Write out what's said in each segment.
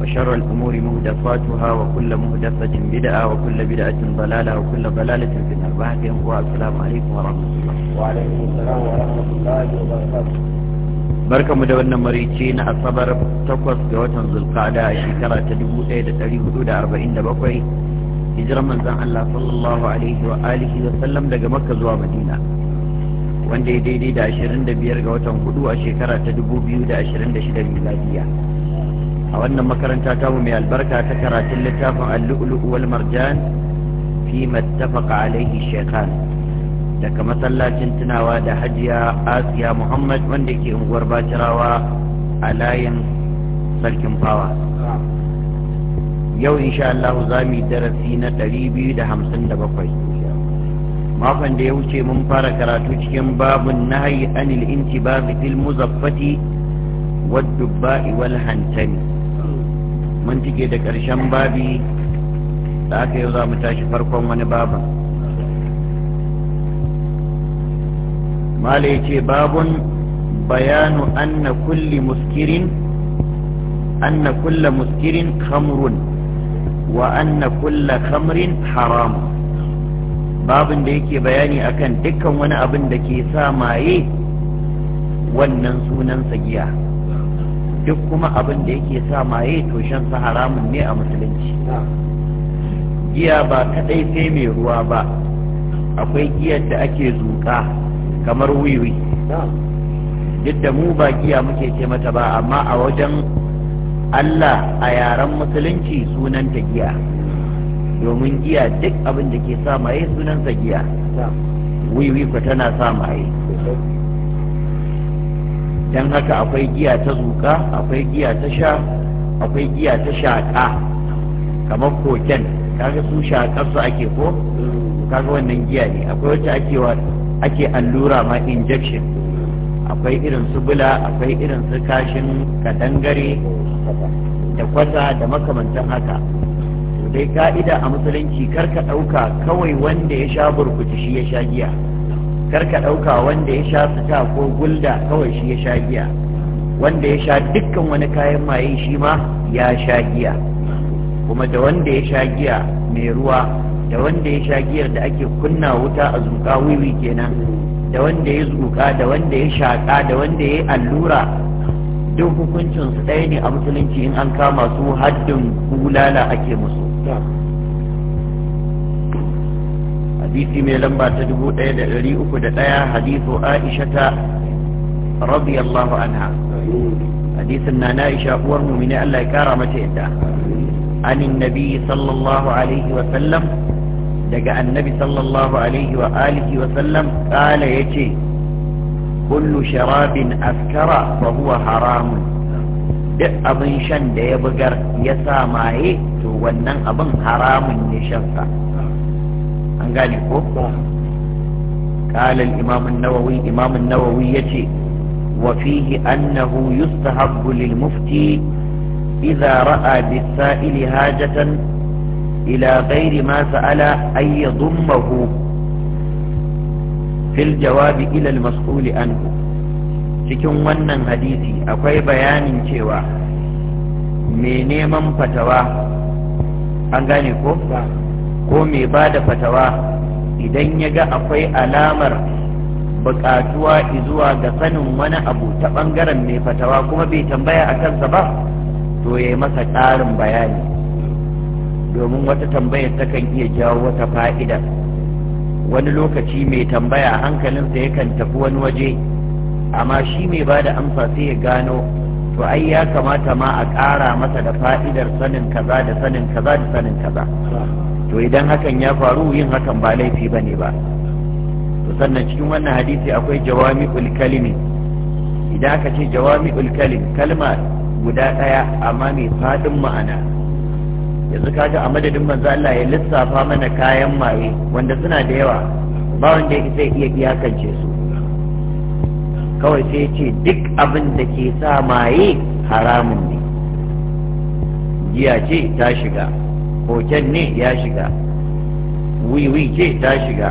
وشر الأمور مهدفاتها وكل مهدفة بدعة وكل بدعة ضلالة وكل ضلالة في النار باهدهم والسلام عليكم ورحمة الله وعليكم السلام ورحمة الله وبركاته barka mu da wannan marici na asabar takwas ga watan zulkada a shekara ta 1447 hijirar manzan Allah sallallahu alaihi wa alihi wa sallam daga makka zuwa madina wanda ya daidai da 25 ga watan hudu a shekara ta 2026 miladiya a wannan makaranta ta mai albarka ta karatun littafin al-lu'lu'u wal marjan fi mattafaqa alaihi shaykhan daga masallacin tunawa da hajiya asiya muhammad wanda ke unguwar bacirawa a layin sarkin fawa yau insha Allah za mu yi darasi na 257 makon da ya wuce mun fara karatu cikin babun nahayi anil intibabi fil muzaffati wad dubba'i hantami mun cike da ƙarshen babi da aka yau za mu tashi farkon wani baban mala ce babun bayanu anna kulli muskirin anna kulla muskirin khamrun wa anna kulla khamrin haram babin da yake bayani akan dukkan wani abin da ke sa maye wannan sunansa giya duk kuma abin da yake sa maye to shan sa haramun ne a musulunci giya ba kaɗai sai mai ruwa ba akwai giyar da ake zuƙa kamar wiwi duk da mu ba giya muke ce mata ba amma a wajen Allah a yaren musulunci sunanta giya domin giya duk abin da ke sa maye sunansa giya wiwi ko tana sa maye don haka akwai giya ta zuka akwai giya ta sha akwai giya ta shaƙa kamar koken kaga su shaƙar su ake ko kaga wannan giya ne akwai wacce ake ake allura ma injection akwai irin su bula akwai irin su kashin kadangare da kwata da makamantan haka dai ka'ida a musulunci kar ka ɗauka kawai wanda ya sha burkutu shi ya sha giya Kar ka ɗauka wanda ya sha fita ko gulda kawai shi ya sha giya wanda ya sha dukkan wani kayan maye shi ma ya sha giya kuma da wanda ya sha giya mai ruwa da wanda ya sha giyar da ake kunna wuta a zuƙa wiwi kenan da wanda ya zuƙa da wanda ya shaƙa da wanda ya allura duk hukuncinsu ɗaya ne a musulunci in an kama su haddin bulala ake musu hadisi mai lamba ta dubu ɗaya da ɗari uku da ɗaya hadisu aisha radiyallahu anha hadisin na na isha uwar mumini Allah ya kara mata yadda anin nabi sallallahu alaihi wa sallam daga annabi sallallahu alaihi wa sallam kala yace kullu sharabin askara fa haramun duk abin shan da ya bugar ya sa maye to wannan abin haramun ne shansa an gane ko kalal imamun nawawi yace, wafihi. annahu yustahabbu lil mufti ra'a bisaili hajatan ila ghairi ma sa'ala ay yadhummuhu fil cikin wannan hadisi akwai bayanin cewa mai neman fatawa an gane ko ko mai ba da fatawa idan ya ga akwai alamar buƙatuwa zuwa ga sanin wani abu ta ɓangaren mai fatawa kuma bai tambaya a kansa ba to ya yi masa ƙarin bayani domin wata tambayar takan iya jawo wata fa'ida wani lokaci mai tambaya hankalinsa yakan tafi wani waje amma shi mai ba da amsa sai ya gano to ai ya kamata ma a ƙara masa da fa'idar sanin kaza da sanin kaza da sanin kaza to idan hakan ya faru yin hakan ba laifi ba ne ba to sannan cikin wannan hadisi akwai jawami'ul kalimi idan aka ce jawami'ul kalimi kalma guda ɗaya amma mai faɗin ma'ana yanzu kaga a madadin manzo Allah ya lissafa mana kayan maye wanda suna da yawa ba wanda ya zai iya iyakance su kawai sai ce duk abin da ke sa maye haramun ne giya ce ta shiga koken ne ya shiga wiwi ce ta shiga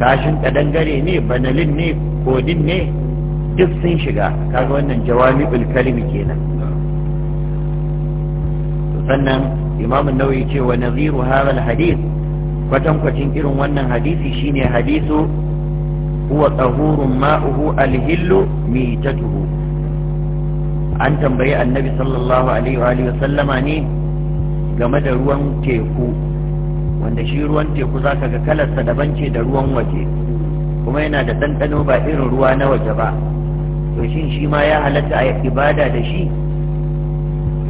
kashin kadangare ne banalin ne kodin ne duk sun shiga kaga wannan jawami kalimi kenan sannan Imamin nawawi ce wa naziru haral hadis, kwatankwacin irin wannan hadisi shine hadisu huwa tahurun ma'uhu alhillu mitatuhu an tambayi annabi sallallahu alaihi wa sallama ne game da ruwan teku wanda shi ruwan teku za ka ga kalarsa daban ce da ruwan waje kuma yana da ɗanɗano ba irin ruwa na waje ba to shin shi ma ya halatta a ibada da shi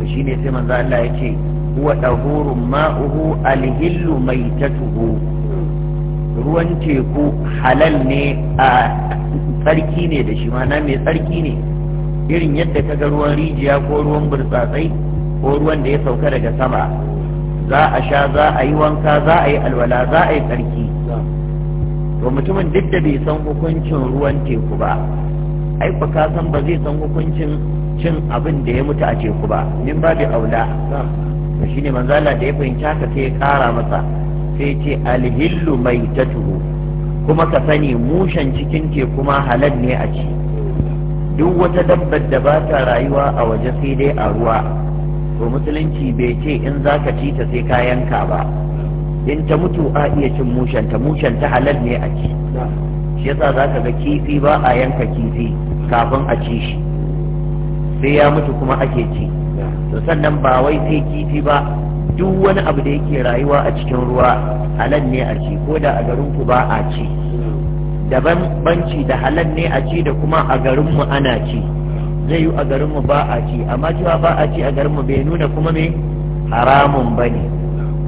to shi ne sai manzo Allah ya ce huwa dahurun ma'uhu alhillu maitatuhu ruwan teku halal ne a tsarki ne da shi ma mai tsarki ne irin yadda kaga ruwan rijiya ko ruwan burtsatsai ko ruwan da ya sauka daga sama za a sha za a yi wanka za a yi alwala za a yi tsarki to mutumin duk da bai san hukuncin ruwan teku ba ai ba ka san ba zai san hukuncin cin abin da ya mutu a teku ba min babu aula to shine manzala da ya fahimta ka sai ya kara masa sai ce alhillu mai tatuhu kuma ka sani mushen cikin teku ma halal ne a ci duk wata dabbar da ba ta rayuwa a waje sai dai a ruwa to musulunci bai ce in za ka ci ta sai ka yanka ba in ta mutu a iya cin mushanta mushanta halal ne a ci shi yasa za ka ga kifi ba a yanka kifi kafin a ci shi sai ya mutu kuma ake ci to sannan ba wai sai kifi ba duk wani abu da yake rayuwa a cikin ruwa halal ne a ci ko da a garin ku ba a ci daban banci da halal ne a ci da kuma a garinmu ana ci zai yi a garinmu ba a ci amma cewa ba a ci a garinmu bai nuna kuma me haramun ba ne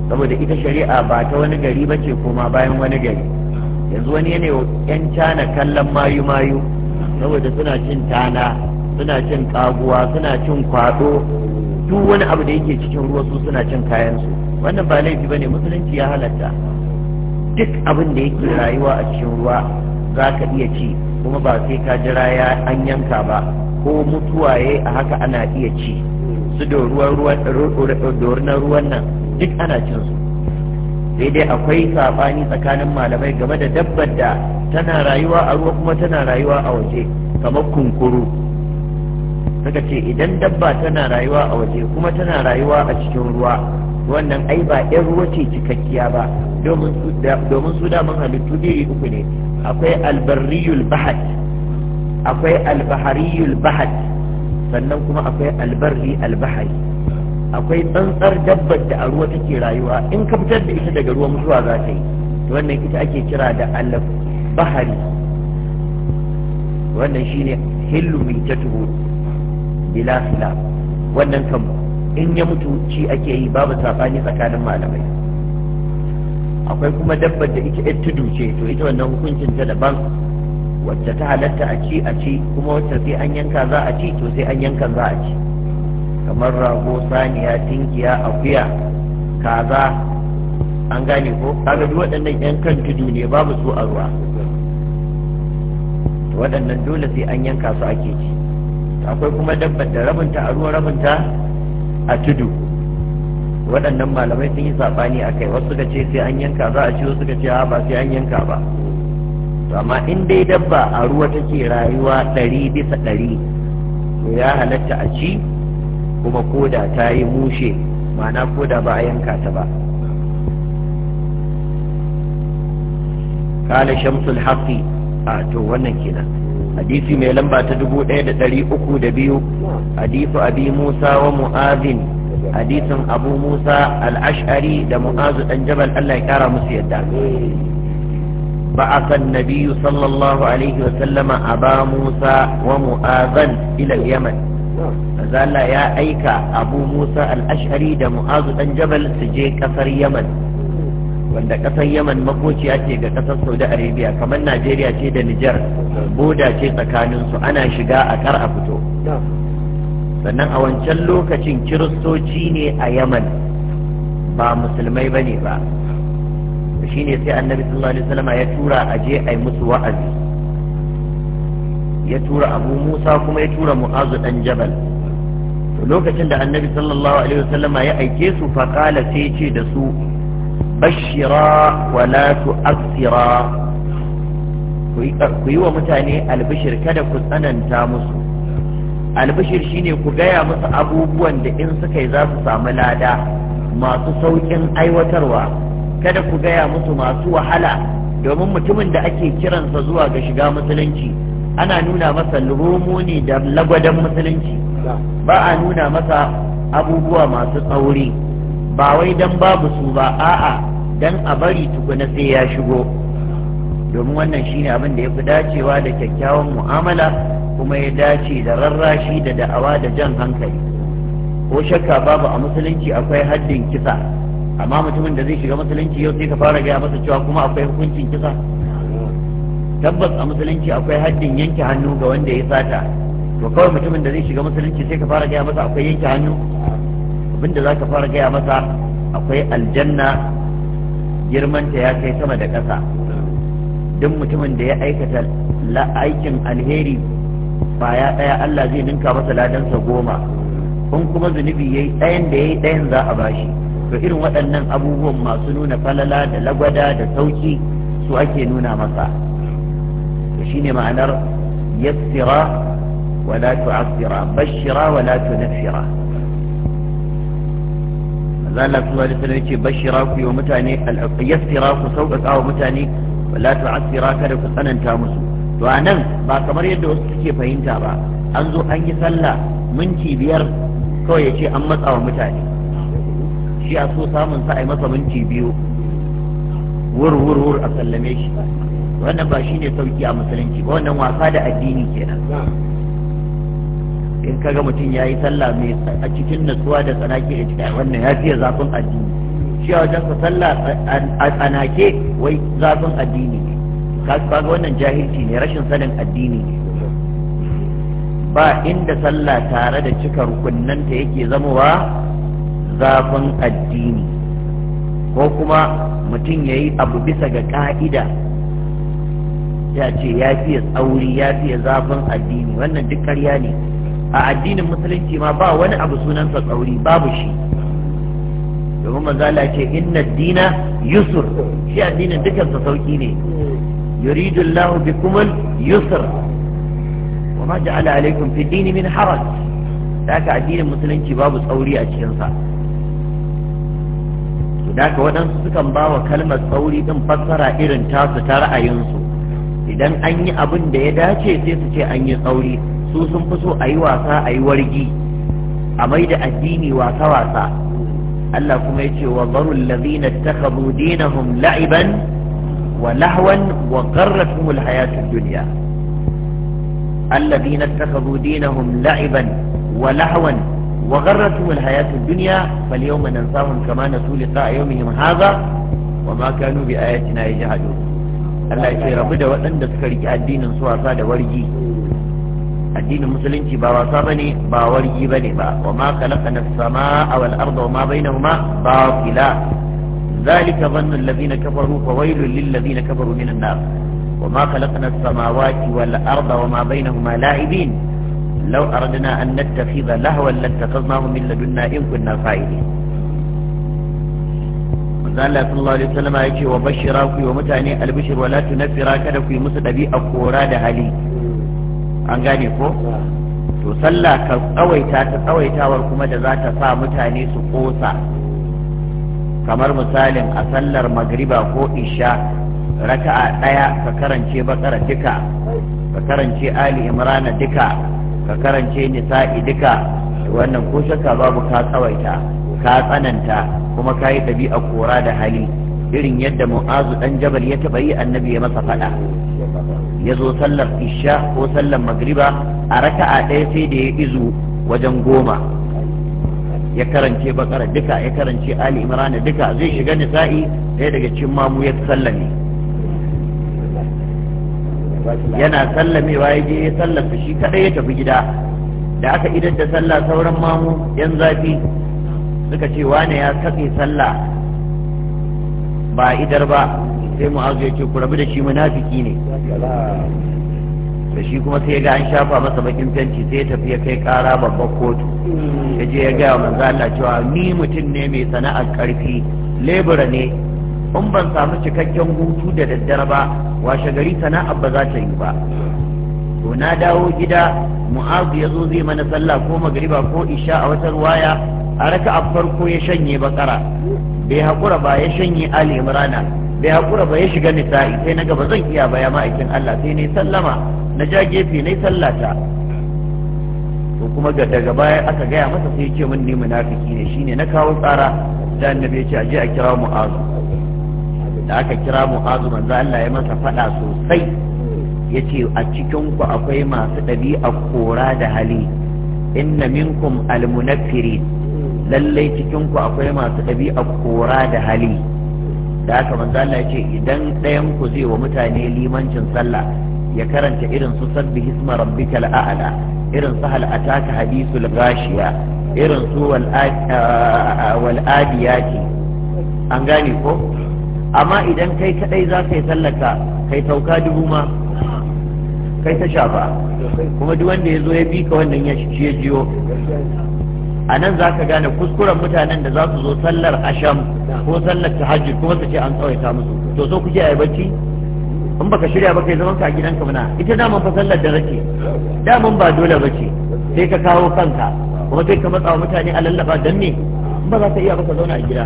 saboda ita shari'a ba ta wani gari ba ce koma bayan wani gari yanzu wani yana yan cana kallon mayu mayu saboda suna cin tana suna cin kaguwa suna cin kwado duk wani abu da yake cikin ruwa su suna cin kayan su wannan ba laifi ne musulunci ya halatta duk abin da yake rayuwa a cikin ruwa za ka iya ci kuma ba sai ka jira ya an yanka ba ko mutuwaye a haka ana iya ci su dorunar ruwan nan duk ana cin su sai dai akwai saɓani tsakanin malamai game da dabbar da tana rayuwa a ruwa kuma tana rayuwa a waje kamar kunkuru suka ce idan dabba tana rayuwa a waje kuma tana rayuwa a cikin ruwa wannan ai ba yan ruwa ce cikakkiya ba domin su mun halittu biyu uku ne akwai albarriyul bahat akwai albahariyul bahad sannan kuma akwai albarri albahari akwai tsantsar dabbar da a ruwa take rayuwa in ka fitar da ita daga ruwa zuwa za ta yi wannan ita ake kira da albahari wannan shine hillu min tatuhu bila khilaf wannan kam in ya mutu ci ake yi babu sabani tsakanin malamai akwai kuma dabbar da ita tudu ce to ita wannan hukuncin ta daban wacce ta halatta a ci a ci kuma wacce sai an yanka za a ci to sai an yanka za a ci kamar rago saniya tinkiya akuya kaza an gane ko kaga duk waɗannan yan kan tudu ne babu su a ruwa waɗannan dole sai an yanka su ake ci akwai kuma dabbar da rabinta a ruwa rabinta a tudu waɗannan malamai sun yi saɓani a kai wasu ga ce sai an yanka za a ci wasu ga ce ba sai an yanka ba to amma in dai dabba a ruwa take rayuwa ɗari bisa ɗari to ya halatta a ci kuma koda ta yi mushe ma'ana koda ba a yanka ta ba kala shamsul haqqi a to wannan kenan hadisi mai lamba ta dubu ɗaya da ɗari uku da biyu hadisu abi musa wa mu'azin hadisin abu musa al'ashari da mu'azu dan jabal allah ya kara musu yadda بعث النبي صلى الله عليه وسلم أبا موسى ومؤاذا إلى اليمن فزال يا أيك أبو موسى الأشعري دا مؤاذ بن جبل سجي كسر يمن wanda ƙasar yaman makociya ce ga ƙasar saudi arabia kamar najeriya ce da nijar boda ce tsakaninsu ana shiga a a fito sannan a wancan lokacin kiristoci ne a yaman ba musulmai ba ba shi ne sai annabi sallallahu alaihi wasallam ya tura a je a yi musu wa'azi ya tura abu musa kuma ya tura mu'azu dan jabal to lokacin da annabi sallallahu alaihi wasallam ya aike su faqala sai ce da su bashira wa la tu'assira ku yi wa mutane albishir kada ku tsananta musu albishir shine ku gaya musu abubuwan da in suka yi za su samu lada masu sauƙin aiwatarwa kada ku gaya musu masu wahala domin mutumin da ake kiransa zuwa ga shiga musulunci ana nuna masa lumo ne da lagwadan musulunci ba a nuna masa abubuwa masu tsauri ba wai don babu su ba a'a don a bari tukuna sai ya shigo domin wannan shine abin da ya fi dacewa da kyakkyawan mu'amala kuma ya dace da rarrashi da da'awa da jan hankali ko shakka babu a musulunci akwai haddin kisa amma mutumin da zai shiga musulunci yau sai ka fara gaya masa cewa kuma akwai hukuncin kisa tabbas a musulunci akwai haddin yanke hannu ga wanda ya sata to kawai mutumin da zai shiga musulunci sai ka fara gaya masa akwai yanke hannu abinda za ka fara gaya masa akwai aljanna girmanta ya kai sama da ƙasa duk mutumin da ya aikata aikin alheri ba ya ɗaya Allah zai ninka masa ladansa goma kun kuma zunubi yayi ɗayan da yayi ɗayan za a bashi to irin waɗannan abubuwan masu nuna falala da lagwada da sauki su ake nuna masa to shine ma'anar yassira wala tu'assira bashira wala tunfira zalla kuma wani sanar ce bashira ku yi wa mutane yassira ku sauƙaƙa wa mutane wala tu'assira kada ku tsananta musu to a nan ba kamar yadda wasu suke fahimta ba an zo an yi sallah minti biyar kawai ya ce an matsa wa mutane shi a so samun sa a yi masa minti biyu wurwurwur a sallame shi wannan ba shi ne sauki a musulunci ba wannan wasa da addini kenan in kaga mutum ya yi sallah mai a cikin natsuwa da tsanake a cikin wannan ya fiye zafin addini shi a wajen sa sallah a tsanake wai zafin addini ne kaga wannan jahilci ne rashin sanin addini ne ba inda sallah tare da cika rukunnanta yake zamowa zafin addini ko kuma mutum ya yi abu bisa ga ka'ida ya ce ya fiye tsauri ya fiye zafin addini wannan duk karya ne a addinin musulunci ma ba wani abu sunansa tsauri babu shi domin manzala ce inna dina yusur shi addinin dukansa sauki ne yuridu Allahu bikumul yusr wa ma ja'ala alaikum fi dini min haraj da addinin musulunci babu tsauri a cikinsa da haka waɗansu sukan ba wa kalmar tsauri ɗin fassara irin tasu ta ra'ayinsu idan an yi abin da ya dace sai su ce an yi tsauri su sun fi so a yi wasa a yi wargi a mai da addini wasa wasa Allah kuma ya ce wa barul ladina takhadhu dinahum la'iban wa lahwan wa gharratuhum alhayatud dunya alladhina takhadhu dinahum la'iban wa lahwan وغرتهم الحياة الدنيا فاليوم ننساهم كما نسوا لقاء يومهم هذا وما كانوا بآياتنا يجحدون Allah ya ce rabu da waɗanda suka riƙe addinin su wasa da wargi addinin musulunci ba wasa bane ba wargi bane ba wa ma khalaqna as-samaa wal arda wa ma bainahuma batila zalika dhannu alladhina kafaru fa waylun lil minan wa ma wa ma la'ibin لو أردنا أن نتخذ لهوا لاتخذناه من لدنا إن كنا فاعلين manzala sallallahu alaihi wasallam ya ce wa bashira ku wa mutane albishir wala tunfira kada ku yi musu dabi'a kora da hali an gane ko to sallah ka tsawaita ta tsawaitawar kuma da za ta sa mutane su kosa kamar misalin a sallar magriba ko isha raka'a daya ka karance bakara duka ka karance ali imrana duka ka karance nisa'i duka wannan ko shakka babu ka tsawaita ka tsananta kuma ka yi ɗabi'a kora da hali irin yadda mu'azu dan jabal ya taɓa yi annabi ya masa faɗa ya zo sallar isha ko sallar magriba a raka'a ɗaya sai da ya izu wajen goma ya karance bakara duka ya karance ali imrana duka zai shiga nisa'i ɗaya daga cikin mamu ya sallame yana sallamewa ya je ya sallafa shi kadai ya tafi gida da aka idar da sallah sauran mamu yan zafi suka ce wane ya katse sallah ba idar ba sai mu'azu ya ce ku rabu da shi munafiki ne da shi kuma sai ga an shafa masa bakin fenti sai ya tafi ya kai kara babbar kotu ya je ya gaya wa manzo Allah cewa ni mutum ne mai sana'ar karfi lebura ne in ban samu cikakken hutu da daddare ba washe gari sana'ar ba za ta yi ba to na dawo gida mu'azu ya zo zai mana sallah ko magariba ko isha a wata ruwaya a raka a farko ya shanye bakara bai haƙura ba ya shanye ali imrana bai haƙura ba ya shiga nisa'i sai na gaba zan iya baya ma'aikin allah sai na sallama na ja gefe na sallata to kuma ga daga baya aka gaya masa sai ya ce min ne munafiki ne shine na kawo tsara da annabi ya ce a je a kira mu'azu da aka kira mu'azu manzo Allah ya masa faɗa sosai yace a cikin ku akwai masu ɗabi'a kora da hali inna minkum almunafiri lallai cikin ku akwai masu ɗabi'a kora da hali da aka manzo Allah ce idan ɗayan ku zai wa mutane limancin sallah ya karanta irin su sabbi hisma rabbikal a'la irin su hal ataka hadithul ghashiya irin su wal adiyati an gane ko amma idan kai kadai za ka yi sallaka kai sauka dubu ma kai ta shafa kuma duk wanda ya zo ya bi ka wannan ya shi jiyo a nan za ka gane kuskuren mutanen da za su zo sallar asham ko sallar ta hajji kuma su ce an tsawaita musu to so kuke a yi bacci in baka shirya ba kai zaman ka a gidanka muna ita daman fa sallar da rake daman ba dole bace sai ka kawo kanka kuma sai ka matsawa mutane a lallaba dan me ba za ta iya ba ka zauna a gida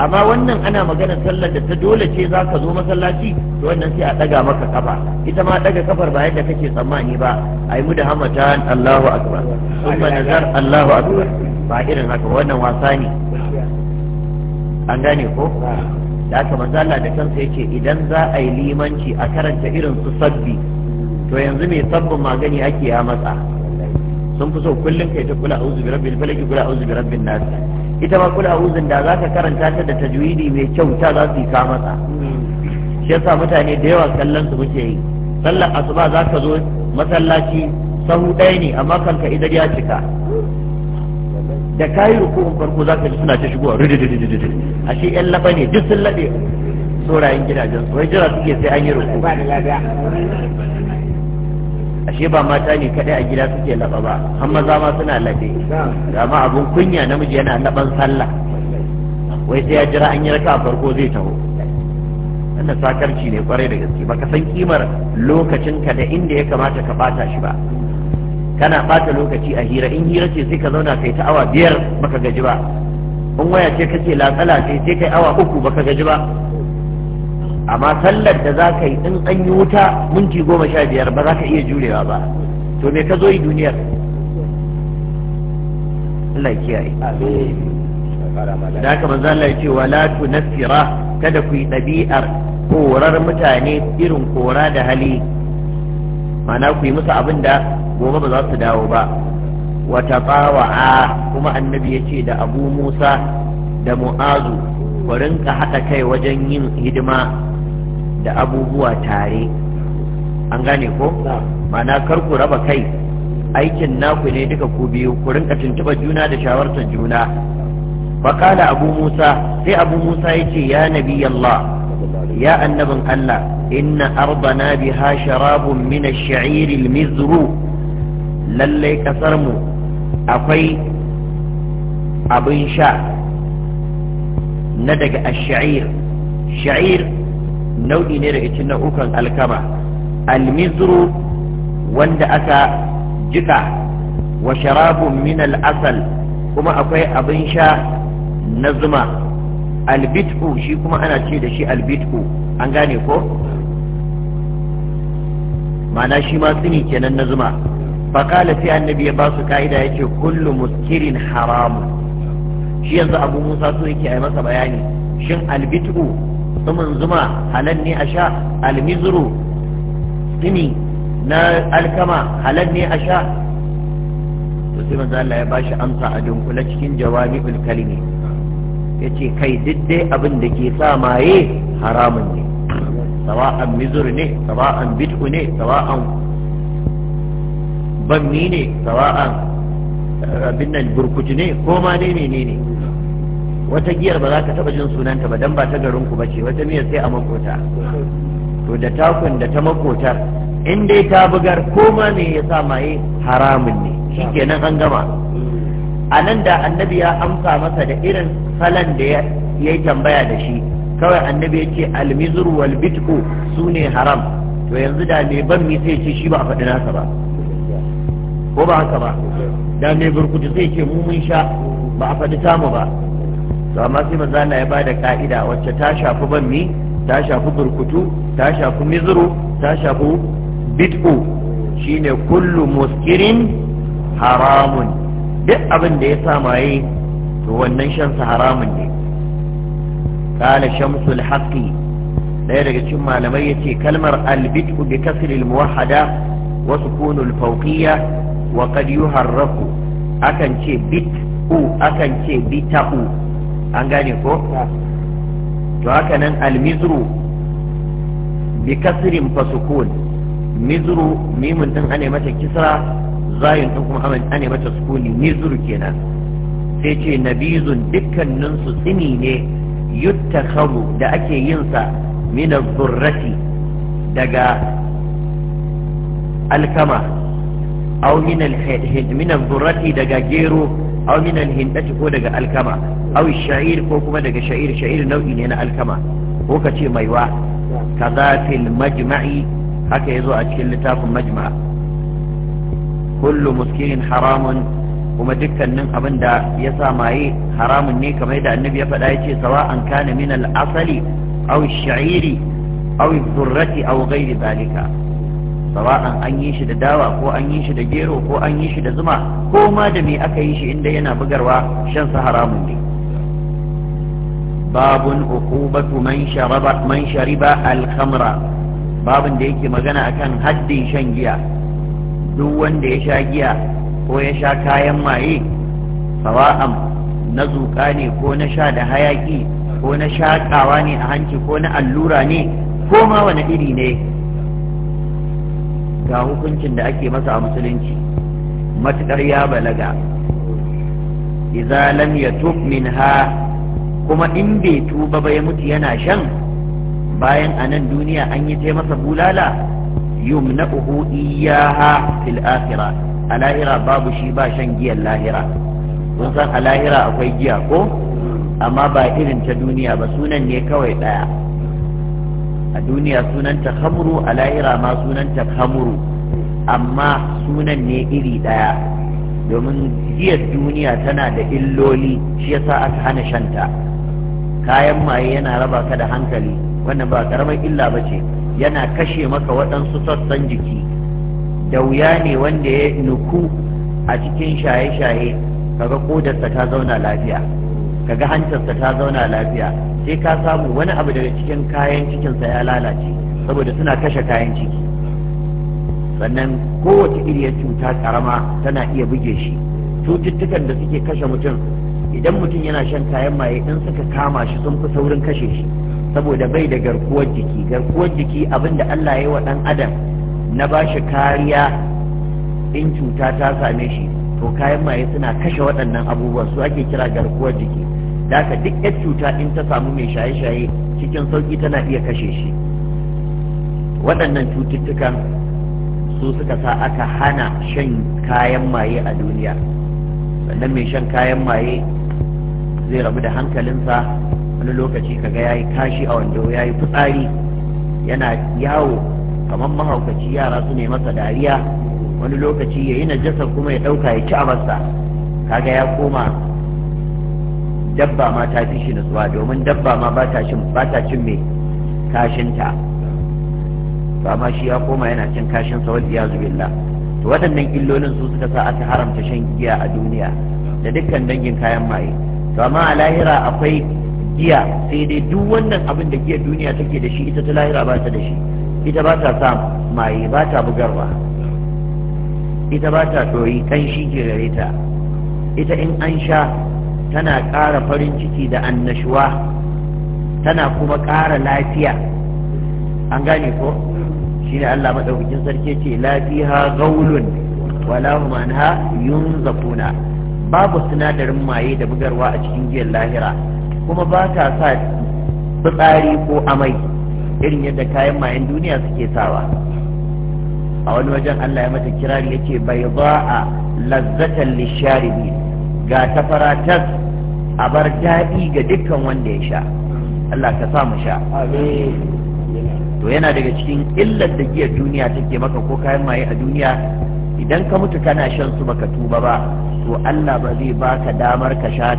amma wannan ana magana sallar da ta dole ce za ka zo masallaci to wannan sai a ɗaga maka kafa ita ma ɗaga kafar ba yadda kake tsammani ba ai mu da hamatan Allahu akbar kuma nazar Allahu akbar ba irin haka wannan wasa ne an gane ko da aka manzala da kansa yake idan za a yi limanci a karanta irin su sabbi to yanzu mai sabbin magani ake ya matsa sun fi so kullum kai ta kula auzu bi rabbil falaki kula auzu bi rabbin nas ita ma kula uzun da za ka karanta ta da tajwidi mai kyau ta za su yi kama shi yasa mutane da yawa kallon su muke yi sallar asuba za ka zo masallaci sahu ɗaya ne amma kanka idan ya cika da kayi rukun farko za ka ji suna ta shigowa shi yan laɓa ne duk sun laɓe saurayin gidajen su wai jira suke sai an yi ruku ashe ba mata ne kadai a gida suke laba ba har maza ma suna labe ma abun kunya namiji yana laban sallah wai sai ya jira an yi raka farko zai taho wannan sakarci ne kwarai da gaske baka san kimar lokacin ka da inda ya kamata ka bata shi ba kana bata lokaci a hira in hira ce sai ka zauna kai ta awa biyar baka gaji ba in waya ce kake latsala sai sai kai awa uku baka gaji ba amma sallar da za ka yi in an yi wuta minti goma sha biyar ba za ka iya jurewa ba to me ka zo yi duniyar Allah kiyaye da ka manzo Allah ya ce wala tunaffira kada ku yi ɗabi'ar korar mutane irin kora da hali mana ku yi musu abin da gobe ba za su dawo ba wata tsawa'a kuma annabi ya ce da abu musa da mu'azu ku rinka haɗa kai wajen yin hidima da abubuwa tare an gane ko ma'ana kar ku raba kai aikin naku ne duka ku biyu ku rinka tuntuɓa juna da shawartar juna faƙala abu musa sai abu musa ya ce ya nabi allah ya annabin allah inna ardana biha sharabun min ash-sha'ir al-mizru lallai kasar mu akwai abin sha na daga ash-sha'ir sha'ir nau'i ne daga cikin nau'ukan alkama almizru wanda aka jika wa sharabun min al'asal kuma akwai abin sha na zuma albitku shi kuma ana ce da shi albitku an gane ko ma'ana shi ma tsini kenan na zuma faƙala sai annabi ya ba su ka'ida ya ce kullu muskirin haramu shi yanzu abu musa so yake a masa bayani shin albitu tsumin zuma halal ne a sha almizuru tsini na alkama halal ne a sha to sai manzo Allah ya bashi amsa a dunkula cikin jawami'ul kalimi yace kai diddai abin da ke sa maye haramun ne sawa'an mizur ne sawa'an bid'u ne sawa'an banni ne sawa'an eh, abin nan burkutu ne ko ma dai ne wata giyar ba za ka taɓa jin sunanta ba dan ba ta garinku ba ce wata miyar sai a makota to da takun da ta makotar in dai ta bugar koma me ya sa maye haramun ne shikenan an gama a nan da annabi ya amsa masa da irin kalan da ya yi tambaya da shi kawai annabi ya ce almizur wal bitku su ne haram to yanzu da mai ban mi sai ce shi ba a faɗi nasa ba ko ba haka ba da mai burkutu sai ce mu mun sha ba a faɗi tamu ba to amma sai manzo Allah ya bada ka'ida wacce ta shafi banmi ta shafi burkutu ta shafi mizru ta shafi bid'u shine kullu muskirin haramun duk abin da ya sa maye to wannan shan sa haramun ne qala shamsul haqqi daya daga cikin malamai yace kalmar albid'u bi kasri Muwahada, wa sukun alfawqiyya wa qad yuharraku akan ce Bit-u, akan ce bita'u an gane ko to haka nan almizru bi kasrin fa sukun mizru mimun din ane mata kisra zayin din kuma ane mata sukuni mizru kenan sai ce nabizun dukkanin su tsini ne yuttakhabu da ake yin sa min zurrati daga alkama aw min al min daga gero aw min al-hindati ko daga alkama aw sha'ir ko kuma daga sha'ir sha'ir nau'i ne na alkama ko ka ce maiwa kaza fil majma'i haka yazo a cikin littafin majma' kullu muskirin haramun kuma dukkanin abin da ya sa maye haramun ne kamar da annabi ya faɗa ya ce sawa an kana min al-asali aw sha'iri aw dhurrati aw ghairi dhalika sawa'an an yi shi da dawa ko an yi shi da gero ko an yi shi da zuma ko ma da me aka yi shi inda yana bugarwa shan sa haramun ne babun uqubatu man sharaba man shariba al-khamra babun da yake magana akan haddin shan giya duk wanda ya sha giya ko ya sha kayan maye sawa'an na zuƙa ne ko na sha da hayaki ko na shaƙawa ne a hanci ko na allura ne ko ma wani iri ne ga hukuncin da ake masa a musulunci matuƙar ya balaga Iza lam min ha? kuma in bai tuba ba ya mutu yana shan bayan a nan duniya an yi ta masa bulala yumna'uhu iyaha fil akhirah a lahira babu shi ba shan giyan lahira kun san a lahira akwai giya ko amma ba irin ta duniya ba sunan ne kawai ɗaya. a duniya sunanta khamru a lahira ma sunanta khamru amma sunan ne iri ɗaya domin giyar duniya tana da illoli shi yasa aka hana shanta kayan maye yana raba ka da hankali wannan ba karamar illa ba ce yana kashe maka waɗansu sassan jiki da wuya ne wanda ya nuku a cikin shaye-shaye kaga kodarsa ta zauna lafiya kaga hantarsa ta zauna lafiya sai ka samu wani abu daga cikin kayan cikinsa ya lalace saboda suna kashe kayan ciki sannan kowace iriyar cuta karama tana iya buge shi cututtukan da suke kashe mutum idan mutum yana shan kayan maye in suka kama shi sun fi saurin kashe shi saboda bai da garkuwar jiki garkuwar jiki abin da Allah ya yi wa ɗan adam na ba shi kariya in cuta ta same shi to kayan maye suna kashe waɗannan abubuwan su ake kira garkuwar jiki daga duk yar cuta in ta samu mai shaye-shaye cikin sauki tana iya kashe shi waɗannan cututtukan su suka sa aka hana shan kayan maye a duniya sannan mai shan kayan maye zai rabu da hankalinsa wani lokaci kaga ya yi kashi a wanda ya yi fitsari yana yawo kamar mahaukaci yara su ne masa dariya wani lokaci ya yi najasa kuma ya ɗauka ya ci a masa kaga ya koma dabba ma ta fi shi nutsuwa domin dabba ma ba ta cin mai kashinta ba ma shi ya koma yana cin kashin sa wadda ya zubilla to waɗannan illolin su suka sa aka haramta shan giya a duniya da dukkan dangin kayan maye to amma a lahira akwai giya sai dai duk wannan abin da giya duniya take da shi ita ta lahira ba ta da shi ita ba ta sa maye ba ta bugarwa ita ba ta ɗoyi kan shi ke gare ta ita in an sha tana ƙara farin ciki da annashuwa tana kuma ƙara lafiya an gane ko shi ne Allah maɗaukakin sarki ce lafiya gaulun wala hum anha yunzakuna babu sinadarin maye da bugarwa a cikin giyan lahira kuma ba ta sa fitsari ko amai irin yadda kayan mayen duniya suke sawa a wani wajen Allah ya mata kirari ce bai ba a lazzatan lisharibi ga tafaratas a bar daɗi ga dukkan wanda ya sha Allah ka sa mu sha to yana daga cikin illar da giyar duniya take maka ko kayan maye a duniya idan ka mutu kana shan su baka tuba ba to Allah ba zai baka damar ka sha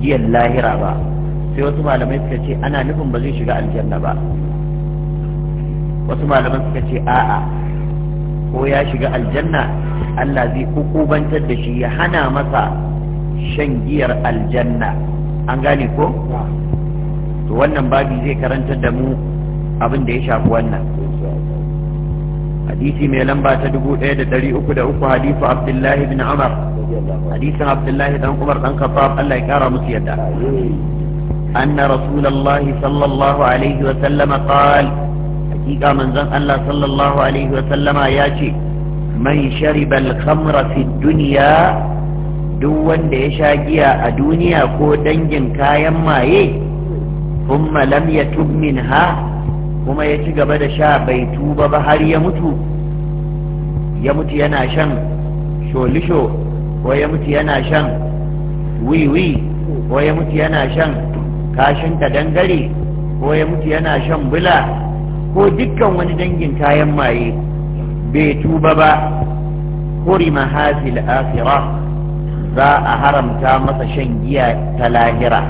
giyar lahira ba sai wasu malamai suka ce ana nufin ba zai shiga aljanna ba wasu malamai suka ce a'a ko ya shiga aljanna Allah zai kukubantar da shi ya hana masa shan giyar aljanna an gane ko to wannan babi zai karanta da mu abin da ya shafi wannan hadisi mai lamba ta dubu ɗaya da ɗari uku da uku hadisu abdullahi bin Amar. hadisin abdullahi dan umar dan kafaf allah ya kara musu yadda أن رسول الله صلى الله عليه وسلم قال حقيقة من زن الله صلى الله عليه وسلم ياتي من شرب الخمر في الدنيا duk wanda ya sha giya a duniya ko dangin kayan maye kuma lam ya min ha kuma ya ci gaba da sha bai tuba ba har ya mutu ya mutu yana shan sholisho ko ya mutu yana shan wiwi ko ya mutu yana shan kashin dangare ko ya mutu yana shan bula ko dukkan wani dangin kayan maye bai tuba ba hurima hasil akhirah za a haramta masa shan giya ta lahira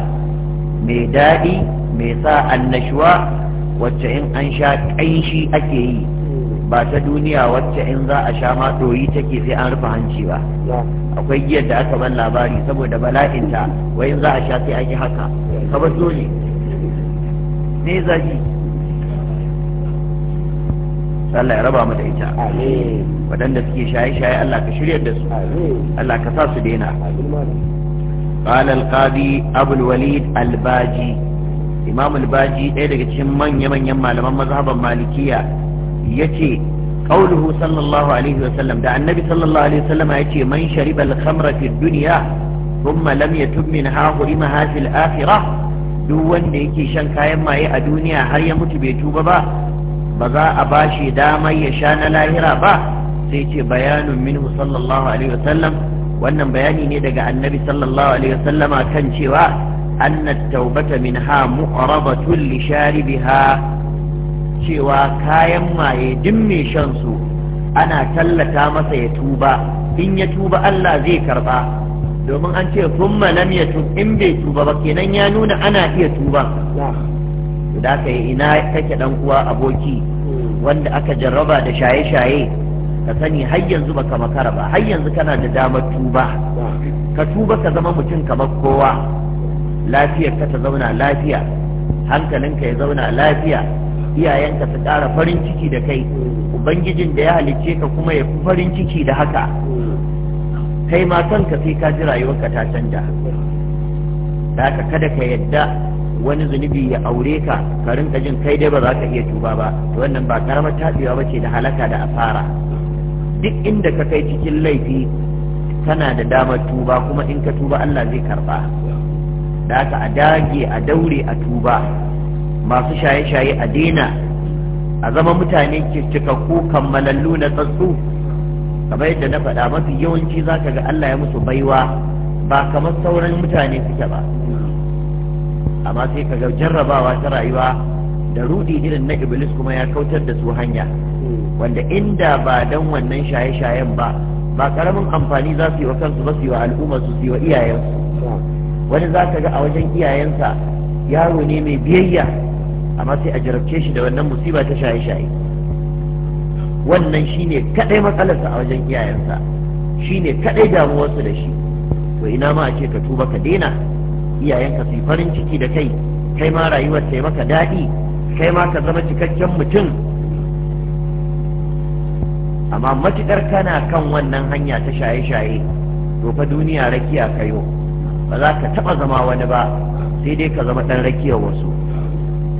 mai daɗi mai sa annashuwa wacce in an sha ƙanshi ake yi ba ta duniya wacce in za a sha ma take sai an rufe hanci ba akwai giyar da aka ban labari saboda bala'inta wai in za a sha sai an yi haka ka ne zaji Allah ya raba mu da ita waɗanda suke shaye-shaye Allah ka shirya da su Allah ka sa su daina قال القاضي أبو الوليد الباجي إمام الباجي ɗaya daga cikin manya-manyan malaman mazhaban malikiya yace قوله صلى الله عليه وسلم دع النبي صلى الله عليه وسلم يأتي من شرب الخمر في الدنيا ثم لم يتب منها حرمها في الآخرة duk wanda yake shan kayan maye a duniya har ya mutu bai tuba ba ba za a bashi damar ya sha na lahira ba sai ce bayanun minhu sallallahu alaihi wasallam wannan bayani ne daga annabi sallallahu alaihi wasallama kan cewa annat taubata minha mu'rabatun li sharibiha cewa kayan maye duk mai shan su ana tallata masa ya tuba in ya tuba Allah zai karba domin an ce thumma lam yatub in bai tuba ba kenan ya nuna ana iya tuba da ka ina kake dan uwa aboki wanda aka jarraba da shaye-shaye ka sani har yanzu baka makara ba har yanzu kana da damar tuba ka tuba ka zama mutum kamar kowa lafiyar ka ta zauna lafiya hankalinka ya zauna lafiya iyayenka su ƙara farin ciki da kai ubangijin da ya halicce ka kuma ya fi farin ciki da haka kai ma kanka sai ka ji rayuwarka ta canja da haka kada ka yadda wani zunubi ya aure ka ka rinka jin kai dai ba za ka iya tuba ba to wannan ba karamar ba bace da halaka da asara duk inda ka kai cikin laifi kana da damar tuba kuma in ka tuba Allah zai karba da aka a dage a daure a tuba masu shaye-shaye a daina a zama mutane ke ko kammalallu na tsatsu kamar yadda na faɗa mafi yawanci za ka ga Allah ya musu baiwa ba kamar sauran mutane suke ba amma sai ka ga jarrabawa ta rayuwa da rudi irin na iblis kuma ya kautar da su hanya wanda inda ba dan wannan shaye-shayen ba ba karamin amfani za su yi wa kansu ba su yi wa al'umma su su yi wa iyayensu wani za ka ga a wajen iyayensa yaro ne mai biyayya amma sai a jarabce shi da wannan musiba ta shaye-shaye wannan shine kadai matsalarsa a wajen iyayensa shine kadai damuwarsa da shi to ina ma a ce ka tuba ka daina iyayenka su farin ciki da kai kai ma rayuwar ta maka daɗi kai ma ka zama cikakken mutum amma matuƙar kana kan wannan hanya ta shaye-shaye to fa duniya rakiya kayo ba za ka taɓa zama wani ba sai dai ka zama ɗan rakiyar wasu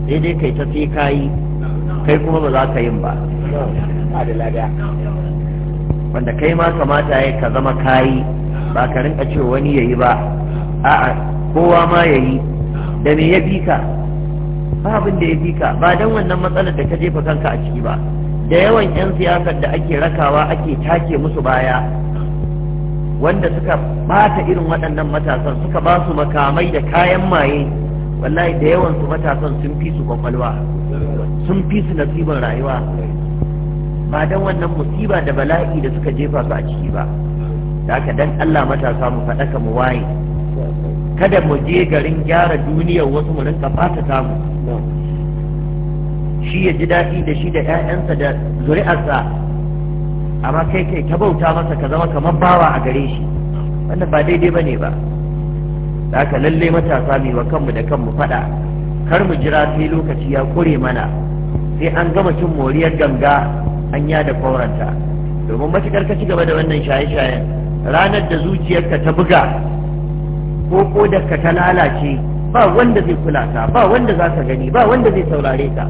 sai dai kai ta sai kayi kai kuma ba za ka yin ba wanda kai ma kamata ya ka zama kayi ba ka rinka ce wani ya yi ba a'a kowa ma ya yi da me ya fi ka ba abin da ya fi ka ba don wannan matsalar da ka jefa kanka a ciki ba da yawan 'yan siyasar da ake rakawa ake take musu baya wanda suka bata irin waɗannan matasan suka ba su makamai da kayan maye wallahi da yawan su matasan sun fi su kwakwalwa sun fi su nasibin rayuwa ba don wannan musiba da bala'i da suka jefa su a ciki ba da haka dan Allah matasa mu faɗaka mu waye kada mu je garin gyara duniyar wasu mu rinka fata mu shi ya ji daɗi da shi da 'ya'yansa da zuri'arsa amma kai kai ta bauta masa ka zama kamar bawa a gare shi wannan ba daidai ba ne ba da haka lalle matasa mai wa kanmu da kanmu faɗa kar mu jira sai lokaci ya kure mana sai an gama cin moriyar ganga an ya da kwauranta domin matukar ka ci gaba da wannan shaye-shayen ranar da zuciyarka ta buga ko kodarka ta lalace ba wanda zai kula ta ba wanda za ka gani ba wanda zai saurare ta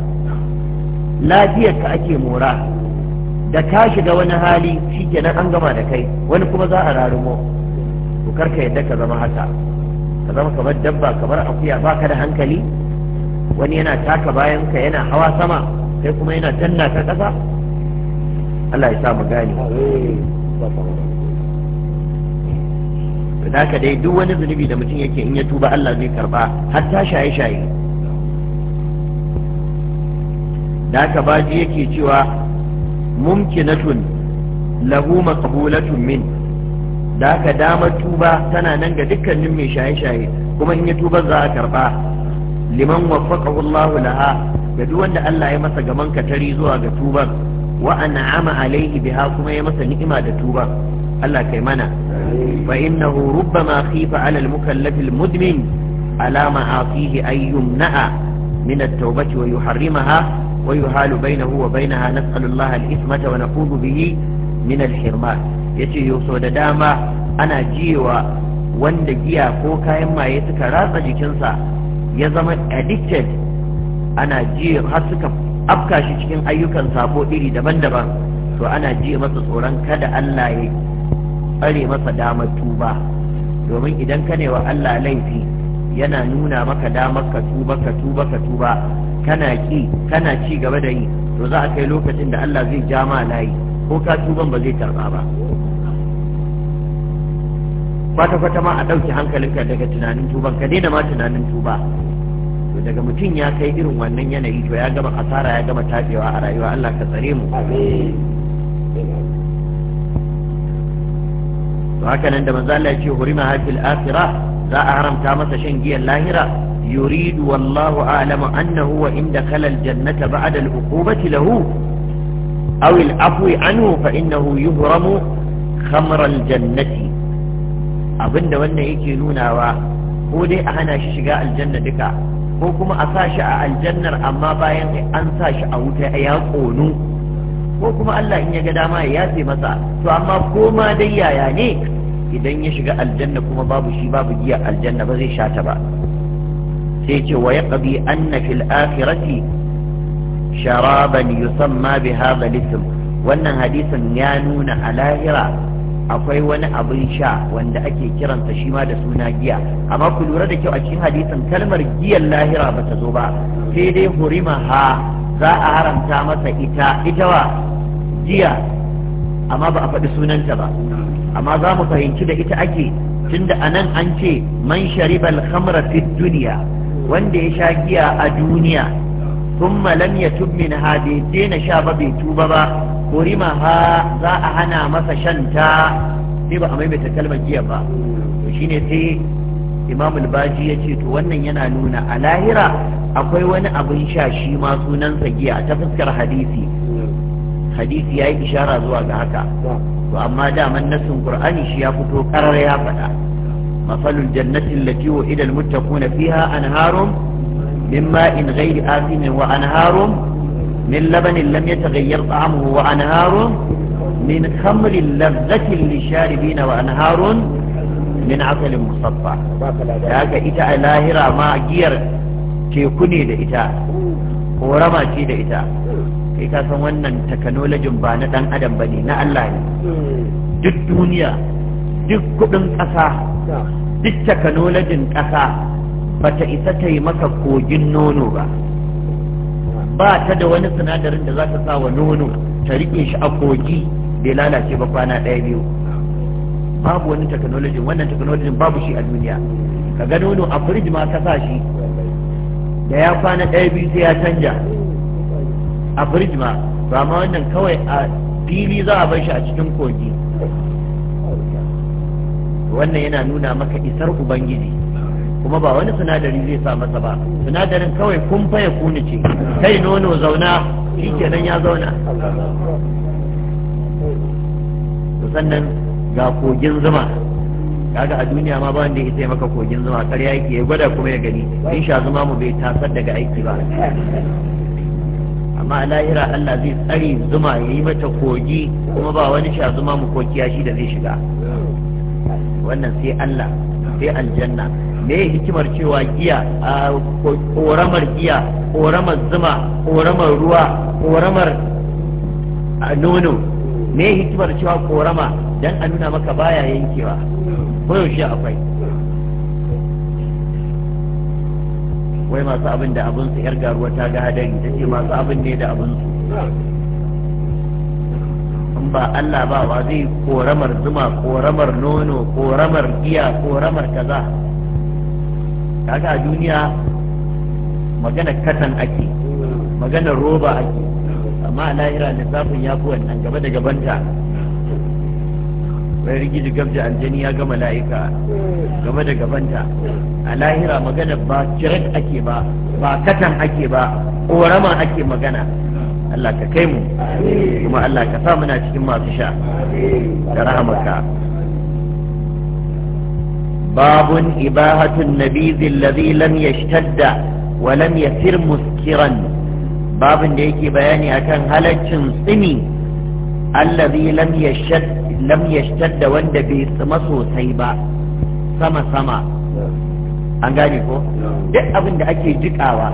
lafiyarka ake mora da ka shiga wani hali shi kenan an gama da kai wani kuma za a rarumo to ka yadda ka zama haka ka zama kamar dabba kamar akuya baka da hankali wani yana taka bayan ka yana hawa sama kai kuma yana danna ta ƙasa Allah ya sa mu gane da dai duk wani zunubi da mutum yake in ya tuba Allah zai karba hatta shaye shaye da ka baji yake cewa mumkinatun lahu maqbulatun min da damar tuba tana nan ga dukkanin mai shaye shaye kuma in ya tuba za a karba liman waffaqahu Allah laha ga duk wanda Allah ya masa gaman katari zuwa ga tuban wa an'ama alaihi biha kuma ya masa ni'ima da tuban Allah kai mana fa innahu rubbama khifa ala al-mukallaf al-mudmin ala ma'afihi ay yumna'a min at-tawbati wa yuharrimaha wa yuhalu bainahu wa bainaha nas'alu Allah al-ismata wa naqulu bihi min al-hirman yace yoso da dama ana jiyewa wanda giya ko kayan maye suka ratsa jikinsa ya zama addicted ana jiye har suka afka shi cikin ayyukan sabo iri daban-daban to ana jiye masa tsoron kada Allah ya bare masa damar tuba domin idan ka ne wa Allah laifi yana nuna maka damar ka tuba ka tuba ka tuba kana ki kana ci gaba da yi to za a kai lokacin da Allah zai ja ma layi ko ka tuban ba zai karba ba kwata kwata ma a ɗauki hankalinka daga tunanin tuban ka daina ma tunanin tuba to daga mutum ya kai irin wannan yanayi to ya gama asara ya gama tabewa a rayuwa Allah ka tsare mu amin to haka da manzo Allah ya ce za a haramta masa shan giyar lahira yuridu wallahu a'lamu annahu wa inda ba'a aljannata ba'da al'uqubati lahu aw al'afwi anhu fa innahu yuhramu khamra aljannati abinda wannan yake nunawa ko dai a hana shi shiga aljanna duka ko kuma a sa shi a aljannar amma bayan an sa shi a wuta ya ƙonu ko kuma Allah in ya ga dama ya yafe masa to amma koma dai yaya ne idan ya shiga aljanna kuma babu shi babu giya aljanna ba zai sha ta ba sai ce wa yaqbi anna fil akhirati sharaban yusamma bi hadha wannan hadisin ya nuna a lahira akwai wani abin sha wanda ake kiransa shi ma da suna giya amma ku lura da kyau a cikin hadisin kalmar giyan lahira ba ta zo ba sai dai hurima ha za a haramta masa ita ita wa giya amma ba a faɗi sunanta ba amma za mu fahimci da ita ake tunda anan an ce man sharibal khamra fi duniya wanda ya sha giya a duniya thumma lam yatub min bai dena sha ba bai tuba ba korima ha za a hana masa ta sai ba a maimaita kalmar giya ba to shine sai imam baji ya ce to wannan yana nuna a lahira akwai wani abin sha shi ma sunansa giya ta fuskar hadisi hadisi ya yi ishara zuwa ga haka to amma daman nassin qur'ani shi ya fito karar ya faɗa mafalul jannati allati wa'ida almuttaquna fiha anharum min ma'in ghairi asin wa anharum min labanin lam yataghayyar ta'amuhu wa anharum من خمر لذة للشاربين وأنهار min asalin musaffa haka ita a lahira ma giyar teku ne da ita korama ce da ita kai ka san wannan technology ba na dan adam bane na Allah ne duk duniya duk kudin kasa duk technology ba bata isa ta yi maka kogin nono ba ba ta da wani sinadarin da za ta sa wa nono ta rike shi a kogi bai lalace ba kwana ɗaya biyu babu wani technology wannan technology babu shi a duniya ka ga nono a firij ma ka sa shi da ya kwana ɗaya biyu sai ya canja a firij ma ba ma wannan kawai a fili za a bar shi a cikin kogi wannan yana nuna maka isar ubangiji kuma ba wani sinadari zai sa masa ba sinadarin kawai kun faya kuni ce kai nono zauna shi kenan ya zauna sannan ga kogin zuma kaga a duniya ma ba wanda ya sai maka kogin zuma karya yake ya gwada kuma ya gani in sha zuma mu bai tasar daga aiki ba amma a lahira Allah zai tsare zuma ya yi mata kogi kuma ba wani sha zuma mu kokiya shi da zai shiga wannan sai Allah sai aljanna me hikimar cewa giya a koramar giya koramar zuma koramar ruwa koramar nono me hikimar cewa korama dan a nuna maka baya yankewa koyaushe akwai wai masu abin da abin su yar garuwa ta ga hadari ta ce masu abin ne da abin su in ba Allah ba wa zai koramar zuma koramar nono koramar giya koramar kaza kaga a duniya magana katan ake magana roba ake amma lahira lissafin ya fi wannan gaba da gabanta wai rigiji gab da aljani ya ga mala'ika gaba da gabanta a lahira magana ba cirat ake ba ba katan ake ba korama ake magana Allah ka kai mu kuma Allah ka sa muna cikin masu sha da rahamaka babun ibahatun nabizi alladhi lam yashtadda wa lam yasir muskiran babin da yake bayani akan halaccin tsini allazi lam yashtadda lam yashtadda wanda bai sama sosai ba sama sama an gane ko duk abin da ake jikawa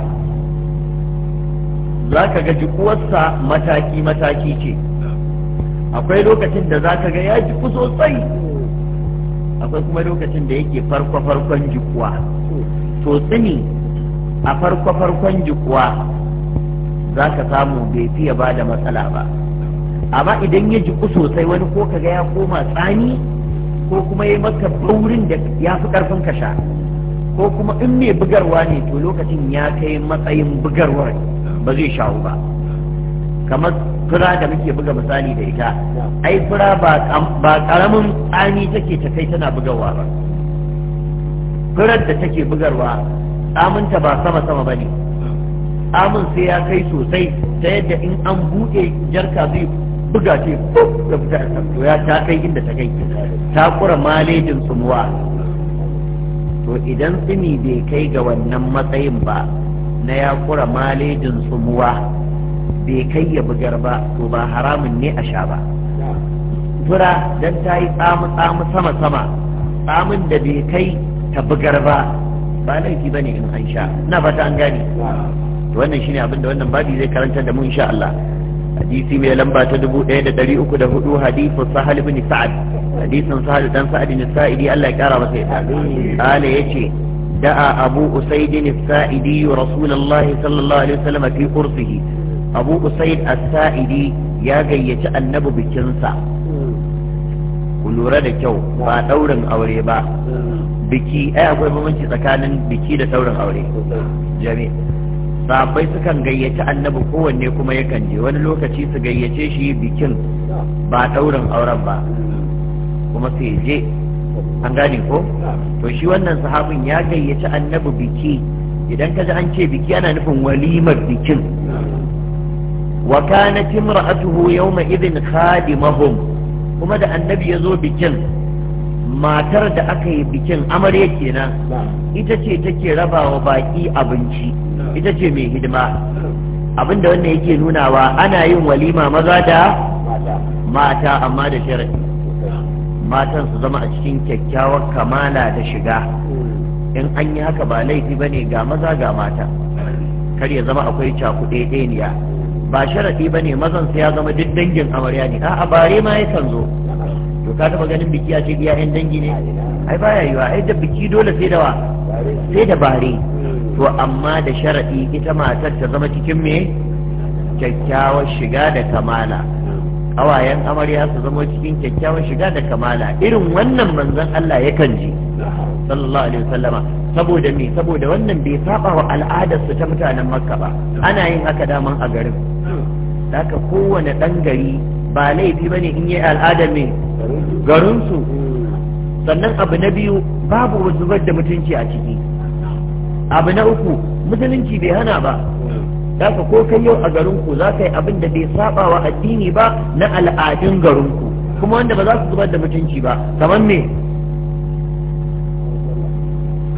za ka ga jikuwarsa mataki mataki ce akwai lokacin da za ka ga ya jiku sosai akwai kuma lokacin da yake farko farkon jikuwa to tsini a farko farkon jikuwa za ka samu bai fiye ba da matsala ba amma idan ya jiku sosai wani ko kaga ya koma tsani ko kuma ya maka baurin da ya fi karfin ka sha ko kuma in mai bugarwa ne to lokacin ya kai matsayin bugarwar ba zai shawo ba kamar fura da muke buga misali da ita ai fura ba karamin tsani take ta kai tana bugarwa ba furar da take bugarwa tsaminta ba sama-sama ba ne tsamin sai ya kai sosai ta yadda in an buɗe jarka zai buga ce da fita a to ya ta kai inda ta kai ta kura malejin tsumuwa to idan tsini bai kai ga wannan matsayin ba na ya kura malejin tsumuwa bai kai ya bugar ba to ba haramun ne a sha ba fura don ta yi tsamu-tsamu sama-sama tsamin da bai kai ta bugar ba ba laifi ba ne in an sha na fata an gane to wannan shine abin da wannan babi zai karanta da mu insha Allah hadisi mai lamba ta 1304 hadisu sahal ibn sa'ad hadisin sahal dan sa'ad ibn sa'idi Allah ya kara masa yadda kale yace da'a abu usaid ibn sa'idi rasulullahi sallallahu alaihi wasallam fi kursihi abu usaid as-sa'idi ya gayyaci annabi bikinsa ku lura da kyau ba daurin aure ba biki ai akwai bambanci tsakanin biki da daurin aure jami'a sahabbai sukan gayyaci annabi kowanne kuma yakan je wani lokaci su gayyace shi bikin ba daurin auren ba kuma sai je an gane ko to shi wannan sahabin ya gayyaci annabi biki idan ka ji an ce biki ana nufin walimar bikin wa kanat imra'atuhu yawma idhin khadimahum kuma da annabi ya zo bikin matar da aka yi bikin amarya kenan ita ce take raba wa baki abinci ita ce mai hidima abinda wannan yake nunawa ana yin walima maza da mata amma da sharadi matan su zama a cikin kyakkyawar kamala da shiga mm. in an yi haka ba laifi ba ne ga maza ga mata kar ya zama akwai cakuɗe ɗeniya mm. ba sharaɗi ba ne mazan sai ya zama duk dangin amarya ne a bare ma yakan zo to ka taba ganin biki a ce biya yan dangi ne ai baya yiwa ai da biki dole sai da wa sai da bare to amma da sharadi ita matar ta zama cikin me kyakkyawar shiga da kamala kawayen amarya su zama cikin kyakkyawar shiga da kamala irin wannan manzon Allah yakan ji sallallahu alaihi wasallama saboda me saboda wannan bai saba wa al'adar su ta mutanen makka ba ana yin haka daman a garin haka kowane dan gari ba laifi bane in yi al'adar me garinsu sannan abu na biyu babu zubar da mutunci a ciki abu na uku musulunci bai hana ba daga ko kai yau a garinku za ka yi abin da bai saba wa addini ba na al'adun garinku kuma wanda ba za su zubar da mutunci ba kamar me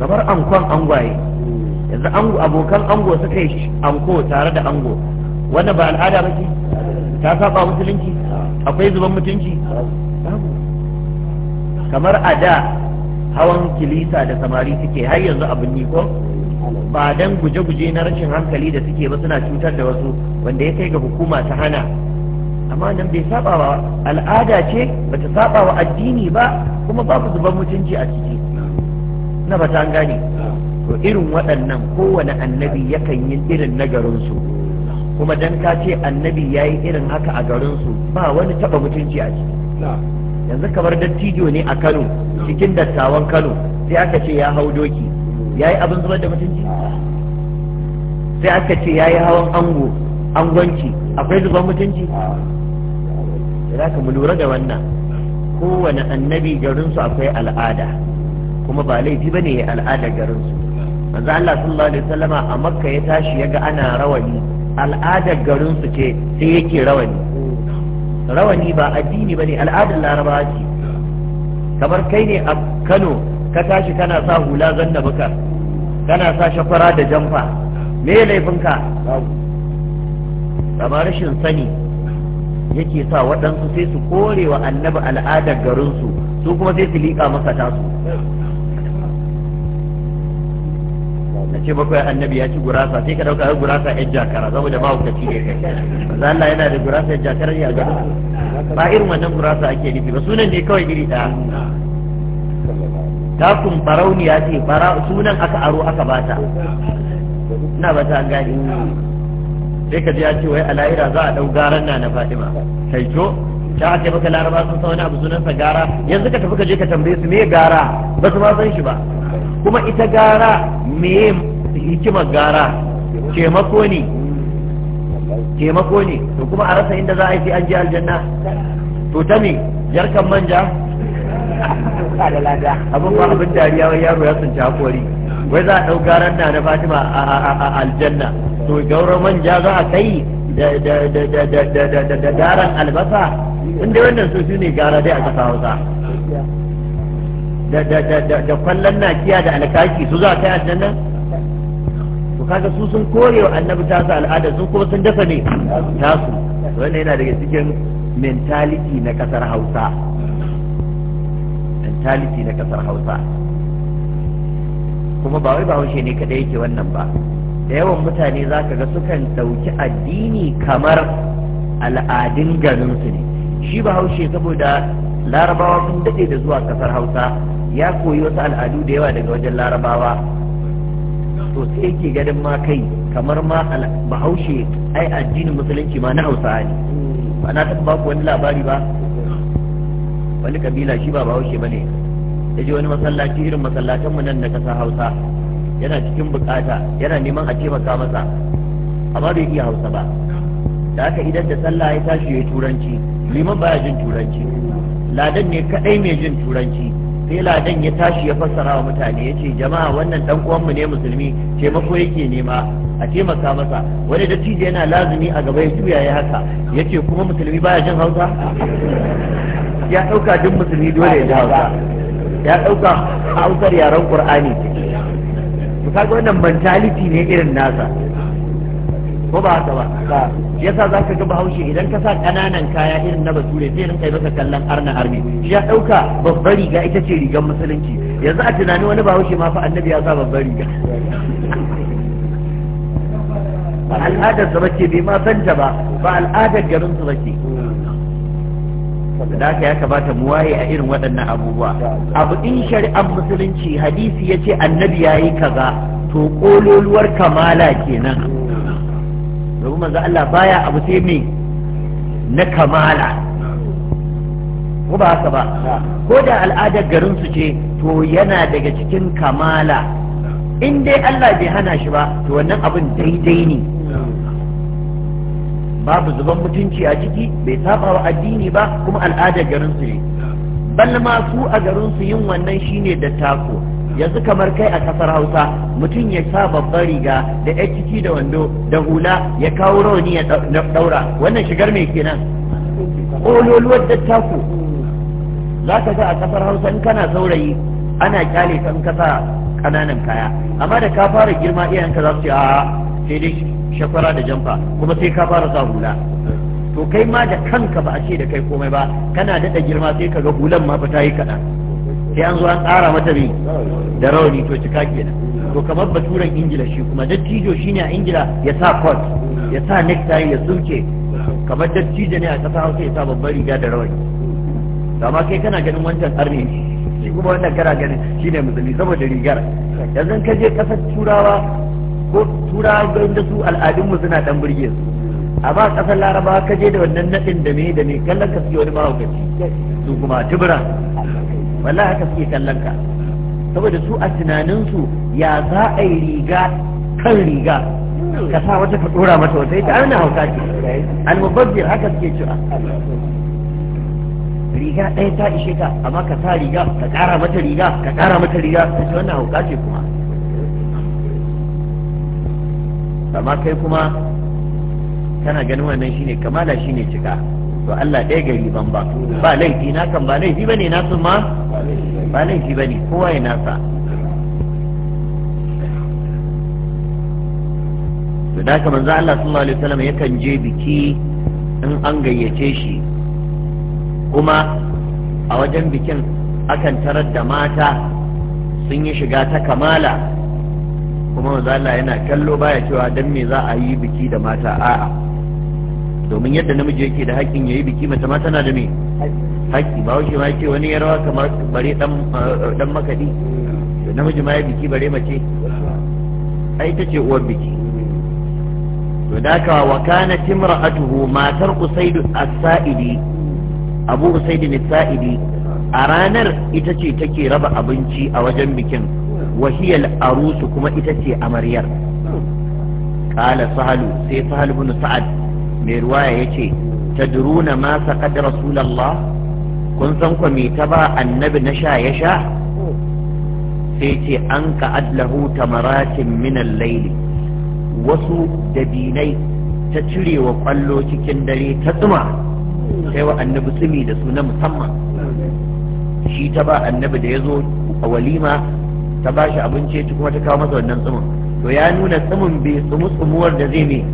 kamar ankon angwaye yanzu ango abokan ango suka yi anko tare da ango wannan ba al'ada ba ce ta saba musulunci akwai zuban mutunci kamar a da hawan kilisa da samari suke har yanzu abin ko ba dan guje-guje na rashin hankali da suke ba suna cutar da wasu wanda ya kai ga hukuma ta hana amma nan bai saba wa al'ada ce bata saba wa addini ba kuma babu zuban mutunci a ciki na ba ta gane to irin waɗannan kowane annabi yakan yi irin na garinsu kuma dan ka ce annabi ya yi irin haka a garinsu ba wani taɓa mutunci a ciki yanzu kamar dattijo ne a kano cikin dattawan kano sai aka ce ya hau doki ya yi abin zubar da mutunci sai aka ce ya yi hawan ango angonci akwai zuban mutunci da ka mu lura da wannan kowane annabi garinsu akwai al'ada kuma ba laifi ba ne al'ada garinsu manzo Allah sallallahu alaihi wasallama a makka ya tashi ya ga ana rawani al'adar garinsu ce sai yake rawani rawani ba addini bane al'adar larabawa ce kamar kai ne a Kano ka tashi kana sa hula zanna baka kana sa shafara da jamfa me laifinka amma rashin sani yake sa waɗansu sai su kore wa annabi al'adar garinsu su kuma sai su liƙa masa tasu a ce bakwai annabi ya ci gurasa sai ka dauka gurasa yan jakara saboda ba hukaci ne kai manzo Allah yana da gurasa yan jakara ne a gaba ba irin wannan gurasa ake nufi ba sunan ne kawai iri daya takun farauniya ce sunan aka aro aka bata ina ba ta gani sai ka ji ya ce wai alaira za a dau garan na na Fatima kai to ta ce baka laraba sun sa wani abu sunansa gara yanzu ka tafi ka je ka tambaye su me gara ba su ma san shi ba kuma ita gara me hikimar gara taimako ne taimako ne to kuma a rasa inda za a yi an je aljanna to ta me jarkan manja abin ba abin dariya wai yaro ya sun cakori wai za a ɗau garan na na fatima a aljanna to gauran manja za a kai da garan albasa inda wannan su ne gara dai a kasa hausa da kwallon nakiya da alkaki su za ta yi aljanna Ku kaga su sun korewa annabi ta su al'ada su kuma sun dafa ne Ta su. wannan yana daga cikin mentality na ƙasar hausa mentality na ƙasar hausa kuma ba wai ba haushe ne kadai yake wannan ba da yawan mutane za ka ga sukan ɗauki addini kamar al'adun garinsu ne shi bahaushe saboda larabawa sun daɗe da zuwa ƙasar hausa ya koyi wasu al'adu da yawa daga wajen larabawa to sai yake ganin ma kai kamar ma bahaushe ai addinin musulunci ma na hausa ne ba na taɓa baku wani labari ba wani kabila shi ba bahaushe ba ne ya je wani masallaci irin mu nan na ƙasar hausa yana cikin bukata yana neman a taimaka masa amma bai iya hausa ba da haka idan da sallah ya tashi ya turanci liman baya jin turanci ladan ne kadai mai jin turanci sai ladan ya tashi ya fassara wa mutane ya ce jama'a wannan dan uwanmu ne musulmi taimako yake nema a taimaka masa wani tije yana lazumi a gaba ya juya ya haka ya ce kuma musulmi baya jin hausa ya ɗauka duk musulmi dole ya ji hausa ya ɗauka hausar yaren ƙur'ani ce to kaga wannan mentality ne irin nasa ko ba haka ba yasa za ka ga bahaushe idan ka sa ƙananan kaya irin na bature zai rinka yi masa kallon arna arme shi ya ɗauka babbar riga ita ce rigar musulunci yanzu a tunani wani bahaushe ma fa annabi ya sa babbar riga ba al'adar sa bace bai ma san ta ba ba al'adar garin su bace da ya kamata mu waye a irin waɗannan abubuwa abu din shari'ar musulunci hadisi yace annabi yayi kaza to ƙololuwar kamala kenan domin manzo Allah baya abu sai me na kamala ko ba haka ba ko da al'adar garin su ce to yana daga cikin kamala in dai Allah bai hana shi ba to wannan abin daidai ne babu zuban mutunci a ciki bai saba wa addini ba kuma al'adar garin su ne bal ma su a garin su yin wannan shine da tako yanzu kamar kai a kasar Hausa mutum ya sa babbar riga da ya ciki da wando da hula ya kawo rauni ya daura wannan shigar mai kenan kololuwar da tako za ka ga a kasar Hausa in kana saurayi ana kyale kan kasa kananan kaya amma da ka fara girma iyayenka za su ce a sai dai shakwara da jamfa kuma sai ka fara sa hula to kai ma da kanka ba a ce da kai komai ba kana daɗa girma sai ka ga hulan ma ta yi kaɗan sai an zo an tsara mata mai da rauni to cika kenan to kamar baturen ingila shi kuma dattijo shine a ingila ya sa coat ya sa necktie ya tsuke kamar dattijo ne a ƙasa hausa ya sa babbar riga da rauni amma kai kana ganin wancan ƙarni shi kuma wannan kana ganin shine musulmi saboda rigar yanzu ka je ƙasar turawa ko turawa ga inda su al'adunmu suna dan burge su amma kasar laraba ka je da wannan nadin da me da me kallon ka suke wani mahaukaci su kuma tubura wallahi haka suke kallon ka saboda su a tunaninsu ya za a yi riga kan riga ka sa wata ka dora mata wata ita ana hauka ce almubazzir haka suke cewa riga ɗaya ta ishe ka amma ka sa riga ka ƙara mata riga ka ƙara mata riga ka ce wannan hauka ce kuma amma kai kuma kana ganin wannan shine kamala shine cika to Allah ɗaya gari ban ba ba laifi na kan ba laifi bane na sun ma ba laifi bane kowa ya nasa to da kamar za Allah sallallahu alaihi wasallam yakan je biki in an gayyace shi kuma a wajen bikin akan tarar da mata sun yi shiga ta kamala kuma manzo Allah yana kallo baya cewa dan me za a yi biki da mata a'a domin yadda namiji yake da haƙƙin yayi biki mace ma tana da me haƙƙi ba wuce ma yake wani ya kamar bare dan dan eh, makadi namiji ma ya biki bare mace ai ta ce uwar biki to da ka wa kana timra'atuhu matar usaid as-sa'idi abu usaid as-sa'idi a ranar ita ce take raba abinci a wajen bikin wahiyal arusu kuma ita ce amaryar qala sahalu sai sahal ibn sa'ad mai ruwaya yace tadruna ma saqad rasulullah kun san ko me ta annabi na sha ya sha sai ce an ka adlahu tamaratin min al wasu dabinai ta cirewa kwallo cikin dare ta tsuma sai wa annabi tsumi da su na musamman shi ta ba annabi da ya zo a walima ta ba shi abinci ta kuma ta kawo masa wannan tsumin to ya nuna tsumin bai tsumu tsumuwar da zai ne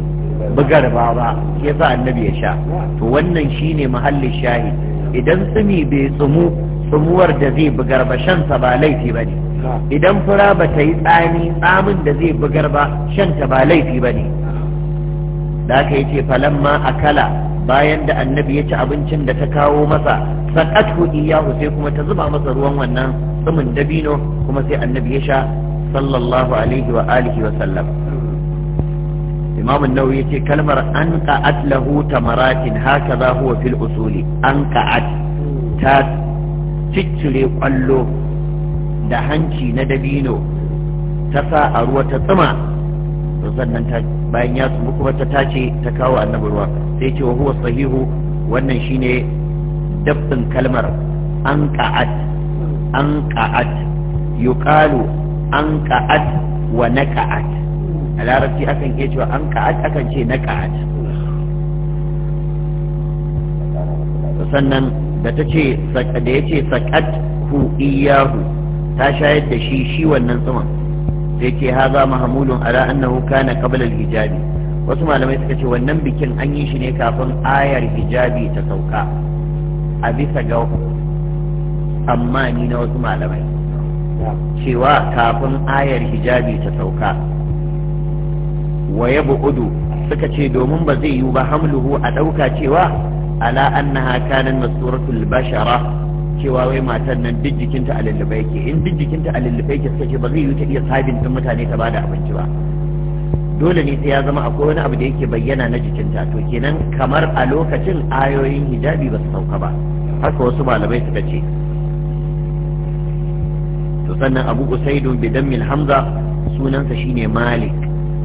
bugar ba ba shi annabi ya sha to wannan shine mahallin shahi idan tsumi bai tsumu tsumuwar da zai bugar ba shansa ba laifi ba ne idan fura ba ta yi tsami tsamin da zai bugar ba shanta ba laifi ba ne da aka yi ce falamma akala bayan da annabi ya ci abincin da ta kawo masa saqathu iyahu sai kuma ta zuba masa ruwan wannan tsumin dabino kuma sai annabi ya sha sallallahu alaihi wa alihi wa sallam imam an-nawawi yace kalmar an qa'at lahu tamaratin hakaza huwa fil usuli an qa'at ta ciccire kwallo da hanci na dabino ta sa a ruwa ta tsuma to sannan ta bayan ya tsubu kuma ta tace ta kawo annabi ruwa sai ce wa huwa sahihu wannan shine Dabbin kalmar an ka'at an ka'at yuqalu an ka'at wa naka'at a larabci akan iya cewa an ka'at akan ce naka'at sannan da ta ce da ya ce sakat ku iyahu ta shayar da shi shi wannan tsuman sai ke haza mahamulun ala annahu kana qabla al-hijabi wasu malamai suka ce wannan bikin an yi shi ne kafin ayar hijabi ta sauka a bisa ga amma ni na wasu malamai cewa kafin ayar hijabi ta sauka Waye bu'udu suka ce domin ba zai yiwu ba hamluhu a ɗauka cewa ala annaha kanan masuratul bashara cewa wai matan nan duk jikinta a lullube ke, in duk jikinta a lullube ke suka ce ba zai yiwu ta iya sabin mutane ta bada abinci ba dole ne sai ya zama akwai wani abu da yake bayyana na ta to kenan kamar a lokacin ayoyin hijabi ba su sauka ba haka wasu malamai suka ce to sannan abu usaidun bidammil hamza sunansa shine malik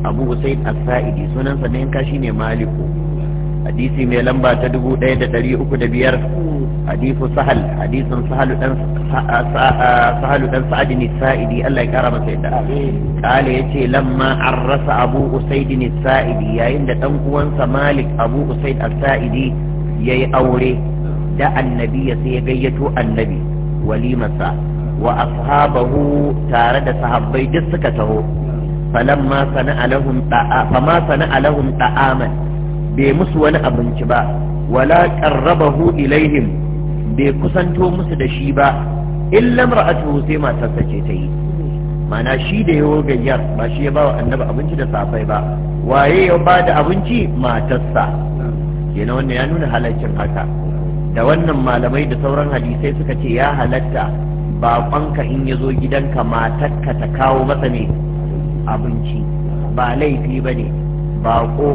abu usaid as-sa'idi sunansa na yanka shine maliku hadisi mai lamba ta dubu ɗaya da ɗari uku da biyar hadisu sahal hadisin sahalu dan sahalu dan sa'ad ne sa'idi Allah ya kara masa yadda kale yace lamma arrasa abu usaid ne sa'idi yayin da ɗan uwansa malik abu usaid as-sa'idi yayi aure da annabi ya sai ya gayyato annabi walimarsa wa ashabahu tare da sahabbai duk suka taho falamma sana'a lahum da'a fama sana'a lahum bai musu wani abinci ba wala qarrabahu ilaihim bai kusanto musu da shi ba illa mar'atuhu sai matarsa ce ta yi mana shi da yawo gayyar ba shi ya ba wa annabi abinci da safai ba waye ya ba da abinci matarsa kenan wannan ya nuna halaccin haka da wannan malamai da sauran hadisai suka ce ya halatta baƙonka in ya zo gidanka matarka ta kawo masa ne abinci ba laifi ba ne baƙo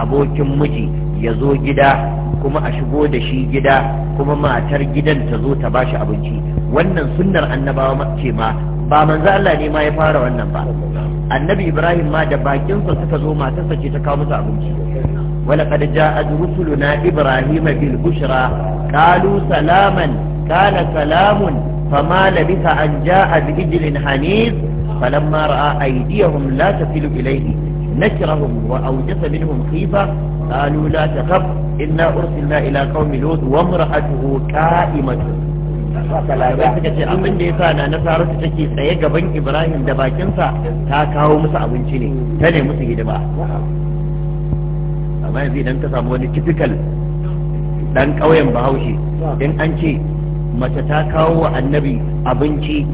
abokin miji ya zo gida kuma a shigo da shi gida kuma matar gidan ta zo ta bashi abinci wannan sunnar annabawa ce ma ba manzo Allah ne ma ya fara wannan ba annabi Ibrahim ma da bakinsa suka zo matarsa ce ta kawo musu abinci ولقد جاءت رسلنا إبراهيم بالبشرى قالوا سلاما قال سلام فما لبث أن جاء بإجل حنيف فلما رأى أيديهم لا تصل إليه نكرهم وأوجس منهم خيفة قالوا لا تخف إنا أرسلنا إلى قوم لوط وامرأته كائمة ya suka ce abin da ya sa na nasarar su take tsaye gaban ibrahim da bakinsa ta kawo musu abinci ne ta ne musu hidima amma yanzu idan ka samu wani typical dan ƙauyen bahaushe in an ce mace ta kawo wa annabi abinci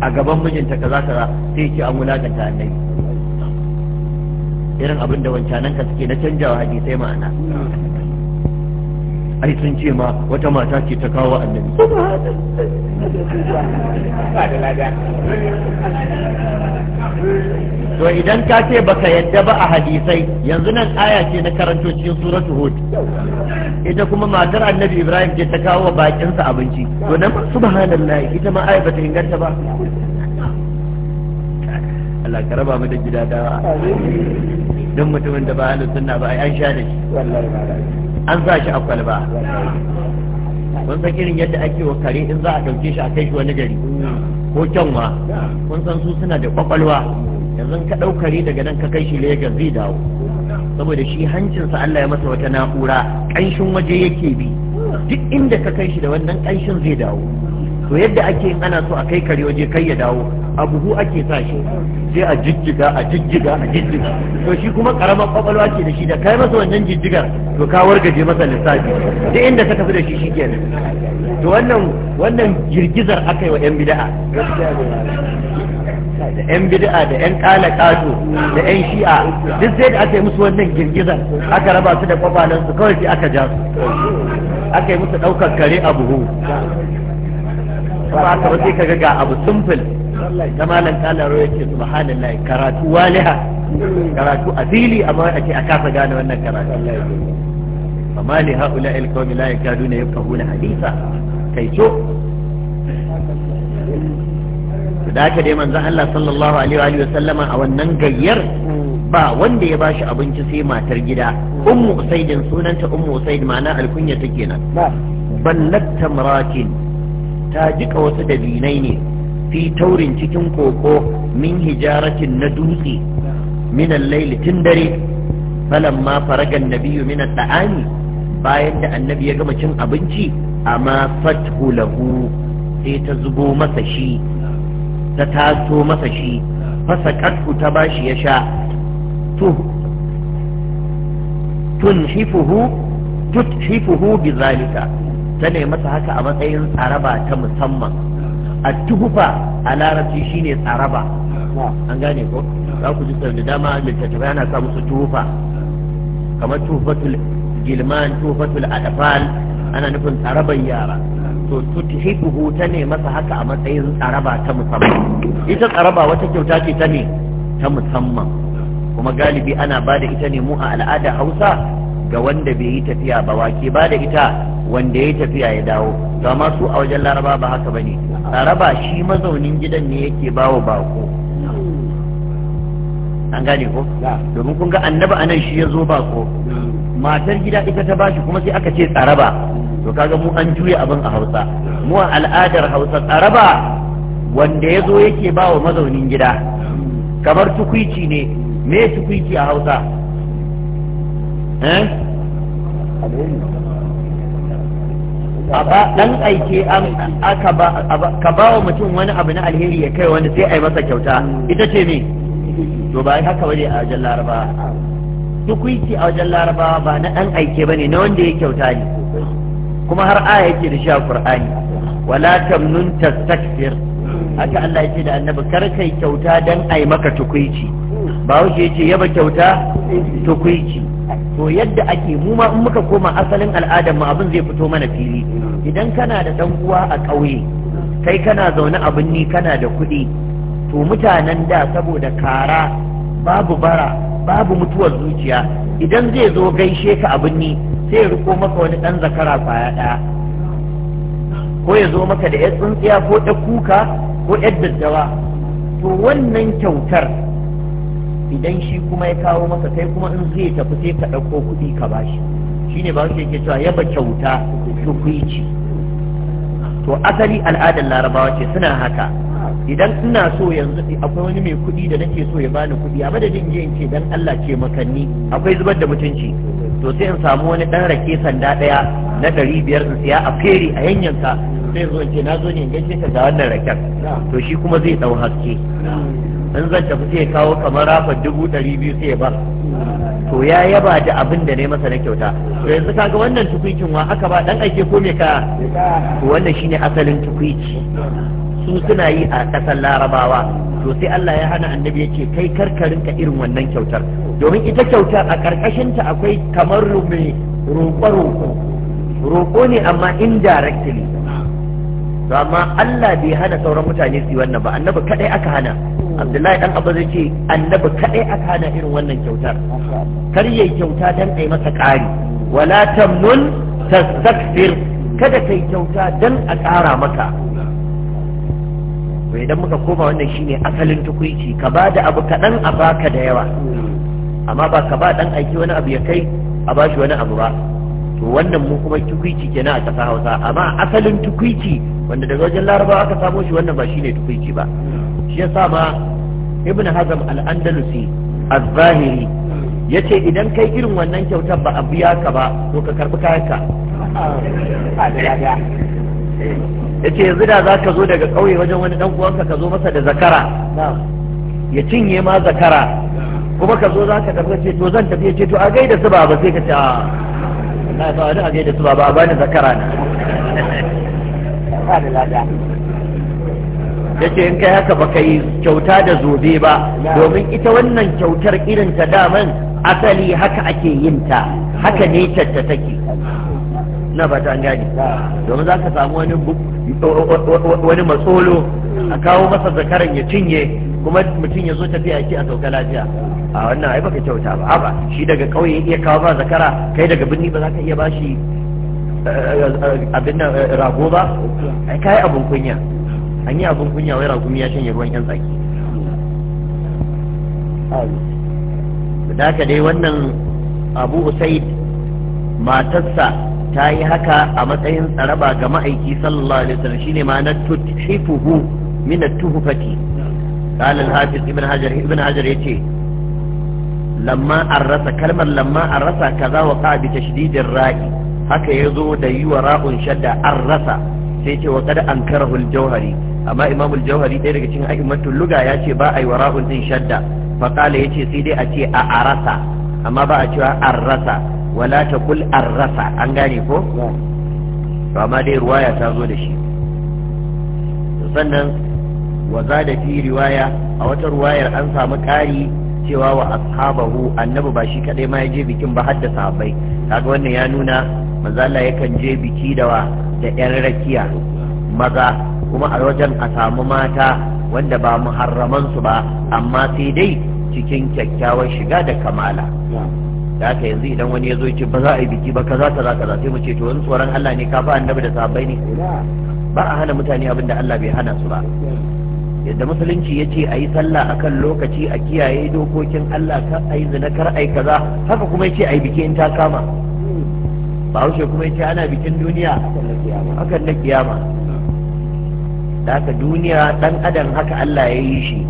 a gaban mijinta kaza kaza sai ce an wulakanta annabi irin abin da wancanan ka suke na canjawa hadisai ma'ana ai sun ce ma wata mata ce ta kawo annabi to idan ka ce baka yadda ba a hadisai yanzu nan aya ce na karanto cikin suratul hud ita kuma matar annabi ibrahim ce ta kawo wa sa abinci to nan subhanallahi ita ma aya bata inganta ba Allah ka raba mu da gida da don mutumin da ba halin sunna ba ai an sha da shi an sa shi a kwalba kun san irin yadda ake wa kare in za a ɗauke shi a kai shi wani gari ko kyanwa kun san su suna da kwakwalwa yanzu ka ɗau kare daga nan ka kai shi Legas zai dawo saboda shi hancinsa Allah ya masa wata na'ura ƙanshin waje yake bi duk inda ka kai shi da wannan ƙanshin zai dawo to yadda ake in ana so a kai kare waje kai ya dawo a buhu ake sa shi sai a jijjiga a jijjiga a jijjiga to shi kuma karamar kwakwalwa ce da shi da kai masa wannan jijjigar to ka wargaje masa lissafi duk inda ka tafi da shi shi kenan to wannan wannan girgizar aka yi wa 'yan bid'a da 'yan bid'a da 'yan kala kato da 'yan shi'a duk sai da aka yi musu wannan girgizar aka raba su da su kawai sai aka ja su aka yi musu daukar kare a buhu ba ka ba sai ka ga abu simple ta kalaro yake subhanallah karatu waliha karatu a fili amma ce a kasa gane wannan karatu amma li haula al qawmi la yakaduna yafqahuna haditha kai to da haka dai manzon Allah sallallahu alaihi wa sallama a wannan gayyar ba wanda ya bashi abinci sai matar gida ummu usaidin sunanta ummu usaid ma'ana alkunya take nan ballat tamratin ta jika wasu dabinai ne fi taurin cikin koko min hijaratin na dutse min laili tun dare falamma faragan nabiyu min al-da'ani bayan da annabi ya gama cin abinci amma fathu lahu sai ta zubo masa shi ta taso masa shi fasa katku ta bashi ya sha tunhifuhu tuthifuhu bi zalika ta ne masa haka a matsayin tsaraba ta musamman a tuhufa a larabci shine tsaraba an gane ko za ku ji da dama littattafai ana sa musu tuhufa kamar tuhufatul gilman tuhufatul adafal ana nufin tsaraban yara to tuhibuhu ta ne masa haka a matsayin tsaraba ta musamman ita tsaraba wata kyauta ce ta ne ta musamman kuma galibi ana ba da ita ne mu a al'ada hausa ga wanda bai yi tafiya ba wake ba da ita wanda ya yi tafiya ya dawo to amma su a wajen laraba ba haka ba ne. tsaraba shi mazaunin gidan ne yake bawa bako an gane ko domin kun ga annabi anan shi ya zo bako matar gida ita ta bashi kuma sai aka ce tsaraba to kaga mu an juya abin a hausa mu a al'adar hausa tsaraba wanda ya zo yake bawa mazaunin gida kamar tukwici ne me tukwici a hausa eh a ba dan aike an aka ba ka ba wa mutum wani abu na alheri ya kai wani sai a yi masa kyauta ita ce me to ba haka bane a wajen laraba tukuici a wajen laraba ba na dan aike bane na wanda ya kyauta ne kuma har aya yake da shi a qur'ani wala tamnun tastakbir haka Allah ya ce da annabi kar kai kyauta dan ai maka tukuici ba wuce yace yaba kyauta tukuici to yadda ake mu ma in muka koma asalin al'adar mu abin zai fito mana fili idan kana da dan uwa a ƙauye kai kana zaune a binni kana da kuɗi to mutanen da saboda kara babu bara babu mutuwar zuciya idan zai zo gaishe ka a binni sai ya riko maka wani ɗan zakara kwaya ɗaya ko ya zo maka da 'yar tsintsiya ko 'yar kuka ko 'yar daddawa to wannan kyautar idan shi kuma ya kawo masa, kai kuma in zai tafi sai ka ɗauko kuɗi ka bashi shine ba su yake cewa yaba kyauta tukwici to asali al'adar larabawa ce suna haka idan ina so yanzu akwai wani mai kuɗi da nake so ya bani kuɗi a madadin je in ce dan Allah ce makanni akwai zubar da mutunci to sai in samu wani dan rake sanda ɗaya na ɗari biyar in siya a fere a yanyanka sai zo in ce na zo ne in gaishe ka ga wannan raken to shi kuma zai ɗau haske in zan tafi sai ya kawo kamar rafa dubu ɗari biyu sai ya ba to ya yaba da abin da ne masa na kyauta to yanzu kaga wannan tukuicin wa aka ba dan ake ko me ka to wannan shine asalin tukuici su suna yi a ƙasar larabawa to sai Allah ya hana annabi ya ce kai karkarin ka irin wannan kyautar domin ita kyautar a ta akwai kamar rume roƙo-roƙo roƙo ne amma indirectly to amma Allah bai hana sauran mutane su yi wannan ba annabi kadai aka hana Abdullahi dan Abba zai ce annabi kadai aka hana irin wannan kyautar kar yayi kyauta dan ai masa ƙari wala tamnun tastakbir kada kai kyauta dan a ƙara maka to idan muka koma wannan shine asalin tukuici ka ba da abu kaɗan a baka da yawa amma ba ka ba dan aiki wani abu ya kai a bashi wani abu ba to wannan mu kuma tukwici kenan a ƙasa hausa amma asalin tukwici wanda daga wajen larabawa aka samo shi wannan ba shine tukwici ba shi yasa ma ibn hazm al-andalusi az-zahiri yace idan kai irin wannan kyautar ba a biya ka ba to ka karbi kayanka yace yanzu da za ka zo daga ƙauye wajen wani dan uwanka ka zo masa da zakara ya cinye ma zakara kuma ka zo za ka tafi ce to zan tafi ce to a gaida su ba ba sai ka ce a ah. na wani su ba ba bani zakara na. ya ce in kai haka ba ka yi kyauta da zobe ba domin ita wannan kyautar irin ta daman asali haka ake yin ta haka ne ta take na ba an gani domin za ka samu wani wani matsolo a kawo masa zakaran ya cinye kuma mutum ya zo tafiya ke a sauka lafiya a wannan ai baka kyauta ba a shi daga kauye iya kawo ba zakara kai daga birni ba za ka iya ba shi eh, eh, abin eh, rago ba ai kai abun kunya an yi abun kunya wai rago ya shanye ruwan yan tsaki da ka dai wannan abu usaid matarsa ta yi haka a matsayin tsaraba ga ma'aiki sallallahu alaihi wasallam shine na tuthifuhu min at-tuhfati qala al-hafiz ibn hajar ibn hajar yace lamma an rasa kalmar lamma an rasa kaza wa ka bi ra'i haka ya zo da yi wa ra'un shadda an rasa sai ce wa kada an karahul jauhari amma imamul jauhari ɗaya daga cikin a'immatul luga ya ce ba a yi wa ra'un din shadda fa ya ce sai dai a ce a arasa amma ba a an rasa wala an rasa an gane ko ruwaya ta zo da shi sannan wa riwaya a wata ruwayar an samu ƙari cewa wa ashabahu annabi ba shi kadai ma ya je bikin ba har da sahabbai kaga wannan ya nuna manzo Allah yakan je biki da wa da yan rakiya maza kuma a wajen a samu mata wanda ba muharraman su ba amma sai dai cikin kyakkyawar shiga da kamala da haka yanzu idan wani ya zo ce ba za a yi biki ba kaza kaza kaza sai mu ce to wani tsoron Allah ne ka fa annabi da sahabbai ne ba a hana mutane abin da Allah bai hana su ba yadda musulunci ya ce a yi sallah a kan lokaci a kiyaye dokokin Allah kan a yi zina kar a yi kaza haka kuma ya ce a yi bikin ta kama bahaushe kuma ya ce ana bikin duniya hakan na kiyama da haka duniya dan adam haka Allah ya yi shi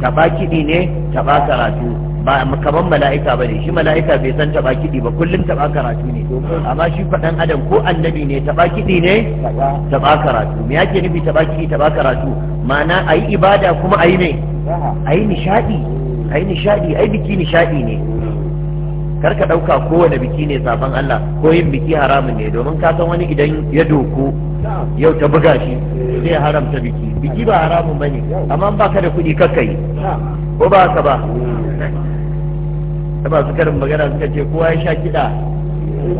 ba kiɗi ne taɓa karatu ba kamar mala'ika ne shi mala'ika bai san taba kiɗi ba kullum taɓa karatu ne amma shi faɗan adam ko annabi ne taba kidi ne taɓa karatu me yake nufi taba kidi taɓa karatu ma'ana ayi ibada kuma ayi ne ayi nishadi ayi nishaɗi? ayi biki nishaɗi ne kar ka ɗauka kowane biki ne sabon Allah ko yin biki haramun ne domin ka san wani idan ya doku yau ta buga shi zai haramta biki biki ba haramun ne amma ba ka da kuɗi kakai ko ba ka ba ba su karin magana suka ce kowa ya sha kiɗa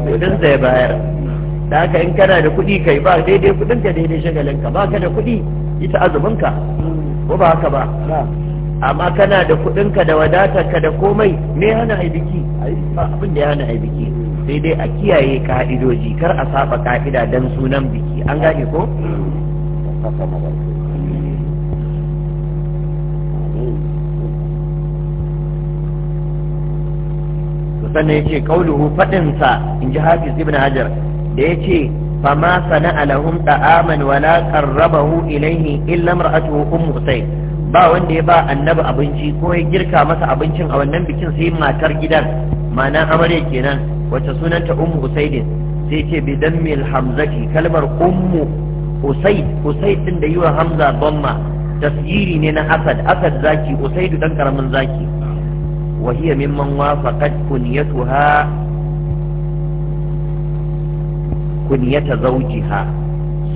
kudin zai bayar da haka in kana da kuɗi kai ba daidai kudin ka daidai shagalin ka ba ka da kuɗi ita azumin ka ko ba haka ba amma kana da kuɗin ka da wadatar ka da komai me hana ai biki abin da ya hana ai biki sai dai a kiyaye ka'idoji kar a saba ka'ida dan sunan biki an gane ko sannan yace qauluhu fadin sa inji hafiz ibn hajar da yace fama sana'a lahum ta'aman wala qarrabahu ilaihi illa imra'atuhu ummu husayn ba wanda ya ba annabi abinci ko ya girka masa abincin a wannan bikin sai matar gidan ma'ana amarya kenan wacce sunanta ummu husaydin sai ce bi dammil hamzati kalmar ummu husayd husayd din da yiwa hamza dhamma tasjiri ne na asad asad zaki usaidu dan karamin zaki وهي ممن وافقت كنيتها كنية زوجها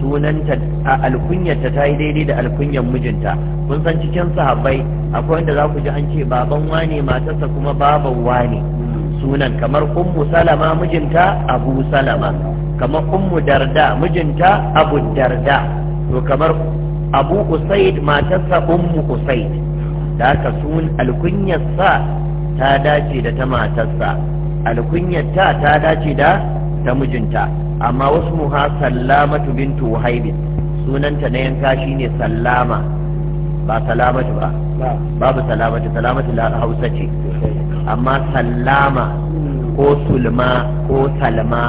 sunanta alkunyarta ta yi daidai da alkunyar mijinta kun san cikin sahabbai akwai wanda za ku ji an ce baban wane matarsa kuma baban wane sunan kamar ummu salama mijinta abu salama kamar ummu darda mijinta abu darda to kamar abu usaid matarsa ummu usaid da haka sun alkunyarsa ta dace da ta matarsa alkunyarta ta dace da ta mijinta amma wasu muha sallamatu bintu wahaibin sunanta na yanka shine sallama ba salamatu ba babu salamatu salamatu la hausa ce amma sallama ko sulma ko salma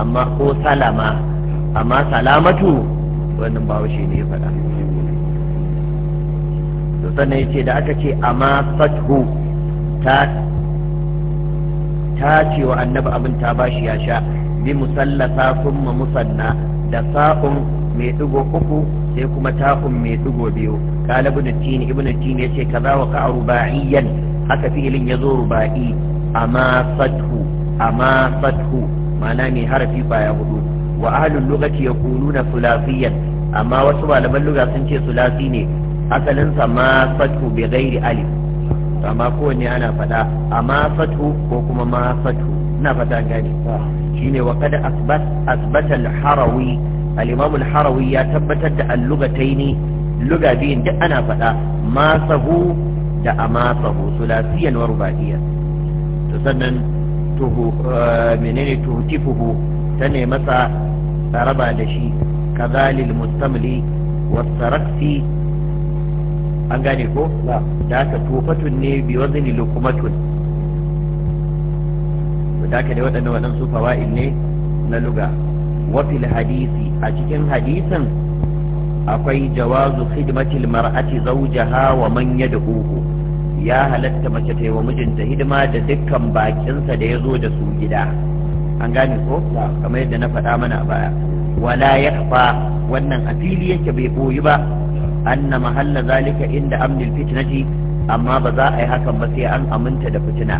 amma ko salama amma salamatu wannan ba shi ne ya faɗa sannan ya ce da aka ce amma fathu ta ce wa annabi abin ta ba shi ya sha bi musallasa summa musanna da sa'un mai digo uku sai kuma ta'un mai digo biyu kala ibn tini ibn tini yace kaza wa ka rubaiyan haka fi'ilin yazo rubai amma fathu amma fathu ma'ana ne harafi baya hudu wa ahlul lugati yaquluna sulafiyan, amma wasu malaman lugha sun ce sulafi ne asalin sa ma fathu bi ghairi alif ama amma kowanne ana faɗa amma fatu ko kuma ma fatu ina fata gani shine wa qad asbat harawi al-imam harawi ya tabbatar da al-lugataini luga biyun duk ana faɗa ma sahu da amma sahu sulasiyan wa rubaiyan to sannan tuhu eh, menene tuhtifuhu ta ne masa raba da shi kazalil mustamli wasaraksi an gane ko da haka tufatun ne bi wazni lukumatun to da haka da waɗannan waɗannan su fawa'il ne na luga wa hadisi a cikin hadisin akwai jawazu khidmatil mar'ati zawjaha wa man yad'uhu ya halatta mace ta yi wa mijinta hidima da dukkan bakinsa da ya zo da su gida an gane ko kamar yadda na faɗa mana a baya wala ya wannan a fili yake bai boyi ba anna mahalla zalika inda amnil fitnati amma ba za a yi hakan ba sai an aminta da fitina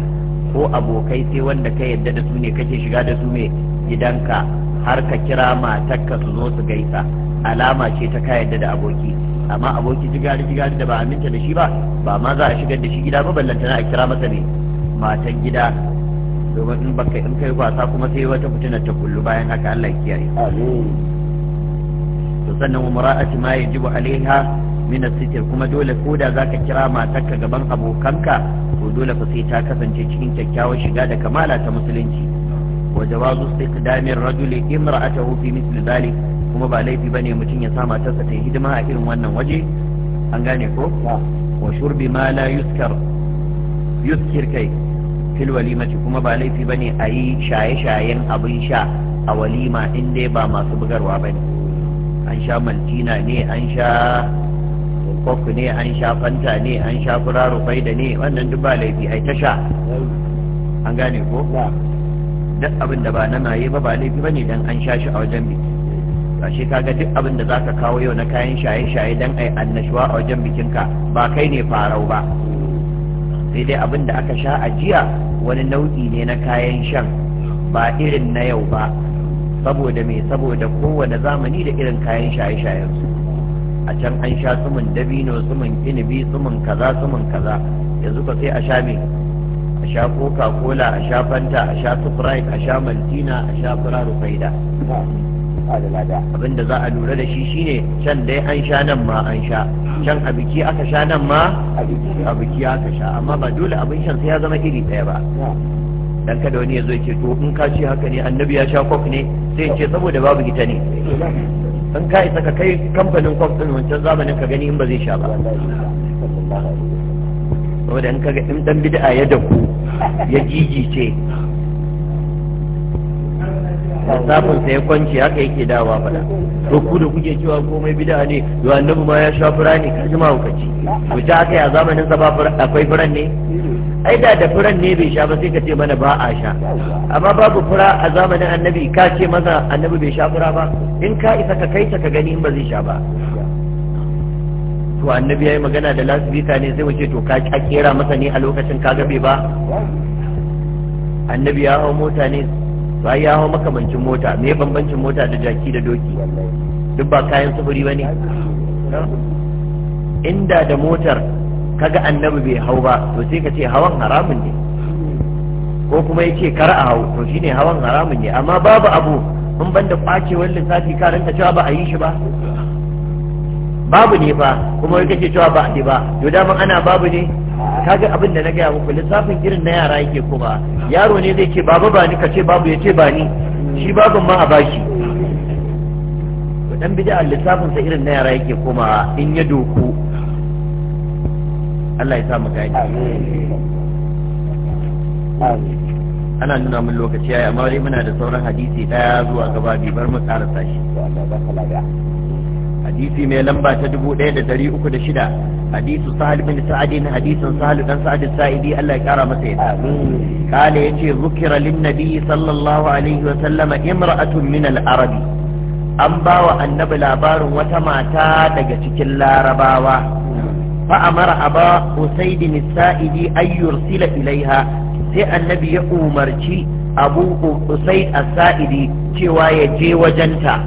ko abokai sai wanda ka yadda da su ne kake shiga da su ne gidanka har ka kira matarka su zo su gaisa alama ce ta ka yadda da aboki amma aboki jigari jigari da ba aminta da shi ba ba ma za a shigar da shi gida ba ballantana a kira masa ne matan gida domin in baka in kai kwasa, kuma sai wata fitina ta kullu bayan haka Allah ya kiyaye amin sannan umra'ati ma yajibu alaiha min as-sitr kuma dole ko da zaka kira matarka gaban abokanka to dole fa sai ta kasance cikin kyakkyawar shiga da kamala ta musulunci wa jawazu istiqdamir rajuli imra'atahu fi misli dhalik kuma ba laifi bane mutum ya sa matarsa ta yi hidima a irin wannan waje an gane ko wa shurbi ma la yuskar yuskir kai fil walimati kuma ba laifi bane a yi shaye-shayen abin sha a walima in dai ba masu bugarwa bane an sha maltina ne an sha kokku ne an sha fanta ne an sha furaro faida ne wannan duk ba laifi ai ta sha an gane ko duk abin da ba na maye ba ba laifi ba ne dan an sha shi a wajen biki ka kaga duk abin da zaka kawo yau na kayan shaye-shaye dan ai annashuwa a wajen bikinka ba kai ne farau ba sai dai abin da aka sha a jiya wani nau'i ne na kayan shan ba irin na yau ba saboda me saboda kowane zamani da irin kayan shaye-shayen su a can an sha sumun dabino sumun inibi sumun kaza sumun kaza yanzu ka sai a sha me a sha coca cola a sha fanta a sha sprite a sha maltina a sha furaru faida abinda za a lura da shi shine can dai an sha nan ma an sha can a biki aka sha nan ma a biki aka sha amma ba dole abin shan sai ya zama iri ɗaya ba dan kada wani ya zo ce to in ka ce haka ne annabi ya sha kwaf ne sai ce saboda babu ita ne in ka isa ka kai kamfanin kwaf din wancan zamanin ka gani in ba zai sha ba saboda in ka ga in dan bid'a ya daku ya jijice lissafin sa ya kwanci haka yake dawa fada to ku da kuke cewa komai bid'a ne to annabi ma ya sha fura ne kaji ma hukaci ku ta haka ya zamanin sa ba akwai furan ne ai da da furan ne bai sha ba sai ka ce mana ba a sha amma babu fura a zamanin annabi ka ce masa annabi bai sha fura ba in ka isa ka kai ta ka gani in ba zai sha ba to annabi ya yi magana da lasbika ne sai wace to ka kera masa ne a lokacin ka gabe ba annabi ya hau mota ne Ba ya hau makamancin mota me bambancin mota da jaki da doki duk ba kayan sufuri ba ne inda da motar kaga annabi bai hau ba to sai ka ce hawan haramun ne ko kuma yace kar a hau to shine hawan haramun ne amma babu abu in banda kwacewar lissafi ka ranka cewa ba a yi shi ba babu ne ba kuma wai kake cewa ba a ba to daman ana babu ne kaga abin da na gaya muku lissafin irin na yara yake ba yaro ne zai ce baba ba ni ka ce babu ya ce ba ni shi babun ma a bashi dan da lissafin sa irin na yara yake kuma in ya doku Allah ya sa mu gani ana nuna min lokaci yayi amma dai muna da sauran hadisi daya zuwa gaba bi bar mu ƙara shi hadisi mai lamba ta 1306 hadisu sahal bin sa'adin hadisin sahal dan sa'ad sa'idi Allah ya kara masa yadda kale yace zukira lin nabi sallallahu alaihi wa sallama imra'atun min al arabi an bawa annabi labarin wata mata daga cikin larabawa fa mara aba usaid bin sa'idi ay yursila ilaiha sai annabi ya umarci abu usaid as-sa'idi cewa ya je wajenta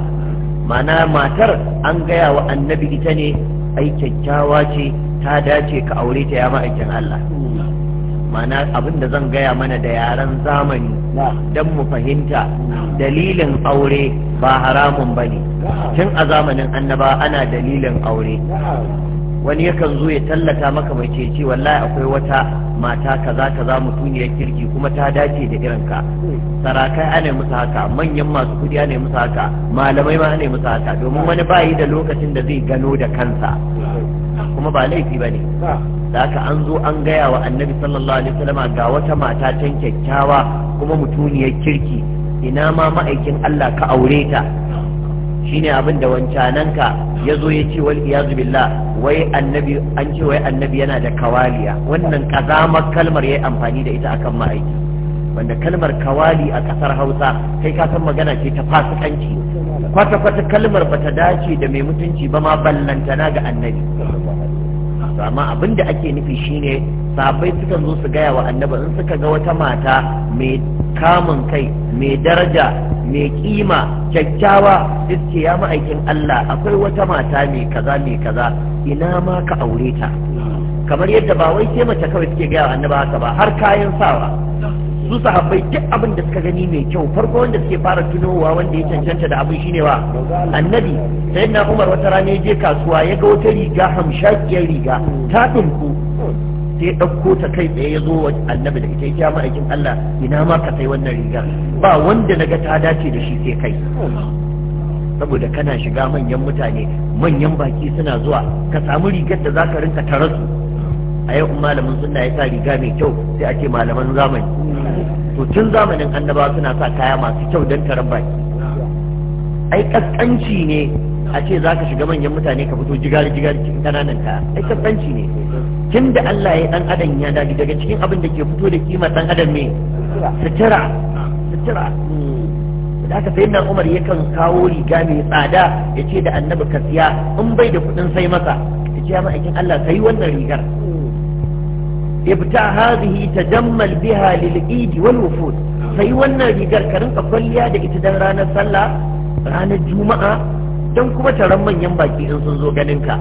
mana matar an gaya wa annabi ita ne ai kyakkyawa ce ta dace ka aure ta ya ma'aikin Allah mana abin da zan gaya mana da yaren zamani don mu fahimta dalilin aure ba haramun ba ne tun a zamanin annaba ana dalilin aure wani yakan zo ya tallata maka mai ce wallahi akwai wata mata kaza kaza mutuniyar kirki kuma ta dace da irin ka sarakai ana musu haka manyan masu kudi ana musu haka malamai ma ana musu haka domin wani bayi da lokacin da zai gano da kansa kuma ba laifi ba ne da haka an zo an gaya wa annabi sallallahu alaihi ga wata mata can kyakkyawa kuma mutuniyar kirki ina ma ma'aikin Allah ka aure ta shine abin da wancananka ya zo ya ce wal iyazu billah wai annabi an ce wai annabi yana da kawaliya wannan kazamar kalmar yayi amfani da ita akan ma'aiki wanda kalmar kawali a kasar Hausa kai ka san magana ce ta fasikanci kwata kwata kalmar bata dace da mai mutunci ba ma ballantana ga annabi amma abin da ake nufi shine sabai suka zo su gaya wa annabi in suka ga wata mata mai kamun kai mai daraja mai kima kyakkyawa iske ya ma'aikin Allah akwai wata mata mai kaza mai kaza ina ma ka aure ta kamar yadda ba wai sai mace kawai suke gaya annaba haka ba har kayan sawa su sahabbai duk abin da suka gani mai kyau farko wanda suke fara tunowa wanda ya cancanta da abin shine wa annabi sai na umar wata rana ya je kasuwa ya ga wata riga hamshakiyar riga ta dinku sai ɗauko ta kai tsaye ya zo wa annabi da ita ya ma'aikin Allah ina ma ka sai wannan rigar? ba wanda na ga ta dace da shi sai kai saboda kana shiga manyan mutane manyan baki suna zuwa ka samu rigar da zaka rinka tarasu a yau malamin sunna ya sa riga mai kyau sai a ce malaman zamani to tun zamanin annabawa suna sa kaya masu kyau don taron baki ai kaskanci ne a ce zaka shiga manyan mutane ka fito jigari jigari cikin kananan kaya ai kaskanci ne tun da Allah ya dan adam ya dadi daga cikin abin da ke fito da kima dan adam ne sutura sutura hmm. da aka sayi na umar yakan kawo riga mai tsada ya ce da annabi ka siya in bai da kuɗin sai masa ya ce ma aikin Allah sayi wannan rigar ibta hadhihi tajammal biha lil eid wal wufud sai wannan rigar ka rinka kwalliya da ita dan ranar sallah ranar juma'a dan kuma taron manyan baki in sun zo ganin ka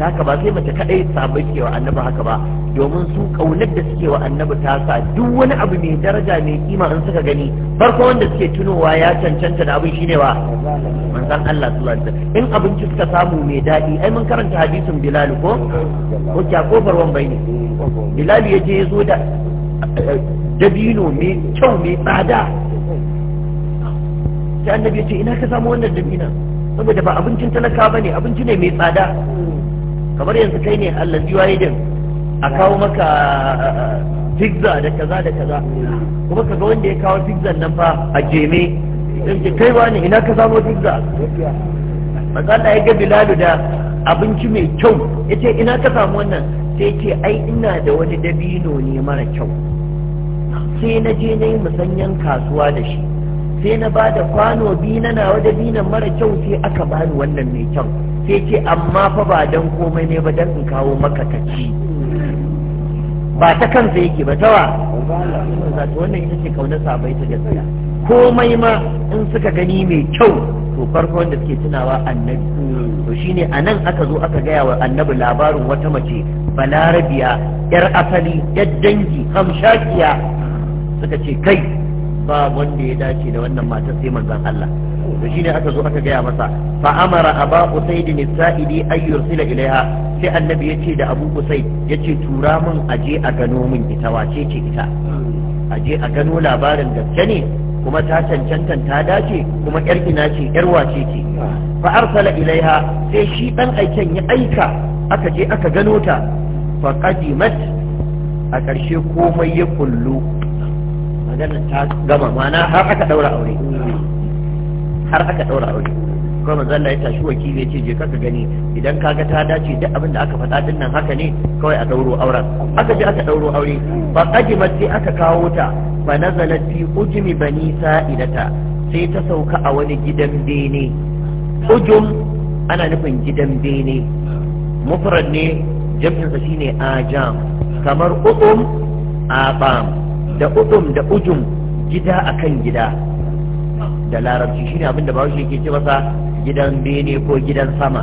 da haka ba sai mace kadai sahabbai suke wa annabi haka ba domin su kaunar da suke wa annabi ta sa duk wani abu mai daraja mai kima in suka gani farko wanda suke tunowa ya cancanta da abin shine wa manzon Allah sallallahu alaihi wasallam in abinci suka samu mai dadi ai mun karanta hadisin Bilal ko ko ya kofar wan bai ne Bilal ya je ya zo da dabino mai kyau mai tsada sai annabi ya ce ina ka samu wannan dabinan saboda ba abincin talaka ne, abinci ne mai tsada kamar yanzu kai ne Allah ji waye din a kawo maka pizza da kaza da kaza kuma kaga wanda ya kawo pizza nan fa a jeme in kai wani ina ka samo pizza matsala ya ga bilalu da abinci mai kyau ya ce ina ka samu wannan sai ce ai ina da wani dabino ne mara kyau sai na je na yi musanyen kasuwa da shi sai na ba da kwano biyu na nawa da dinan mara kyau sai aka bani wannan mai kyau sai ce amma fa ba dan komai ne ba dan in kawo maka ta ci. ba ta kansa yake ba tawa wannan ita ce kauna sabai ta gaskiya komai ma in suka gani mai kyau to farko wanda suke tunawa annabi to shine nan aka zo aka gaya wa annabi labarin wata mace balarabiya yar asali yar dangi hamshakiya suka ce kai ba wanda ya dace da wannan matar sai manzon Allah to shine aka zo aka gaya masa fa amara aba usaid bin sa'idi ay yursila ilaiha sai annabi yace da abu usaid yace tura min aje a gano min ita wace ce ita aje a gano labarin gaske ne kuma ta cancanta ta dace kuma yar ina ce yar wace ce fa arsala ilaiha sai shi dan aiken ya aika aka je aka gano ta fa qadimat a ƙarshe komai ya kullu maganar ta gama mana har aka daura aure har aka daura aure kuma manzo Allah ya tashi wakili ce je ka gani idan kaga ta dace duk abin da aka faɗa din nan haka ne kawai a dauro auren aka je aka dauro aure ba qadimat sai aka kawo ta fa nazalat fi ujmi bani sa'idata sai ta sauka a wani gidan bene ujum ana nufin gidan bene mufrad ne jamsa shine ajam kamar ujum abam da udum da ujum gida akan gida da larabci shine abin da bahaushe ke ce masa gidan bene ko gidan sama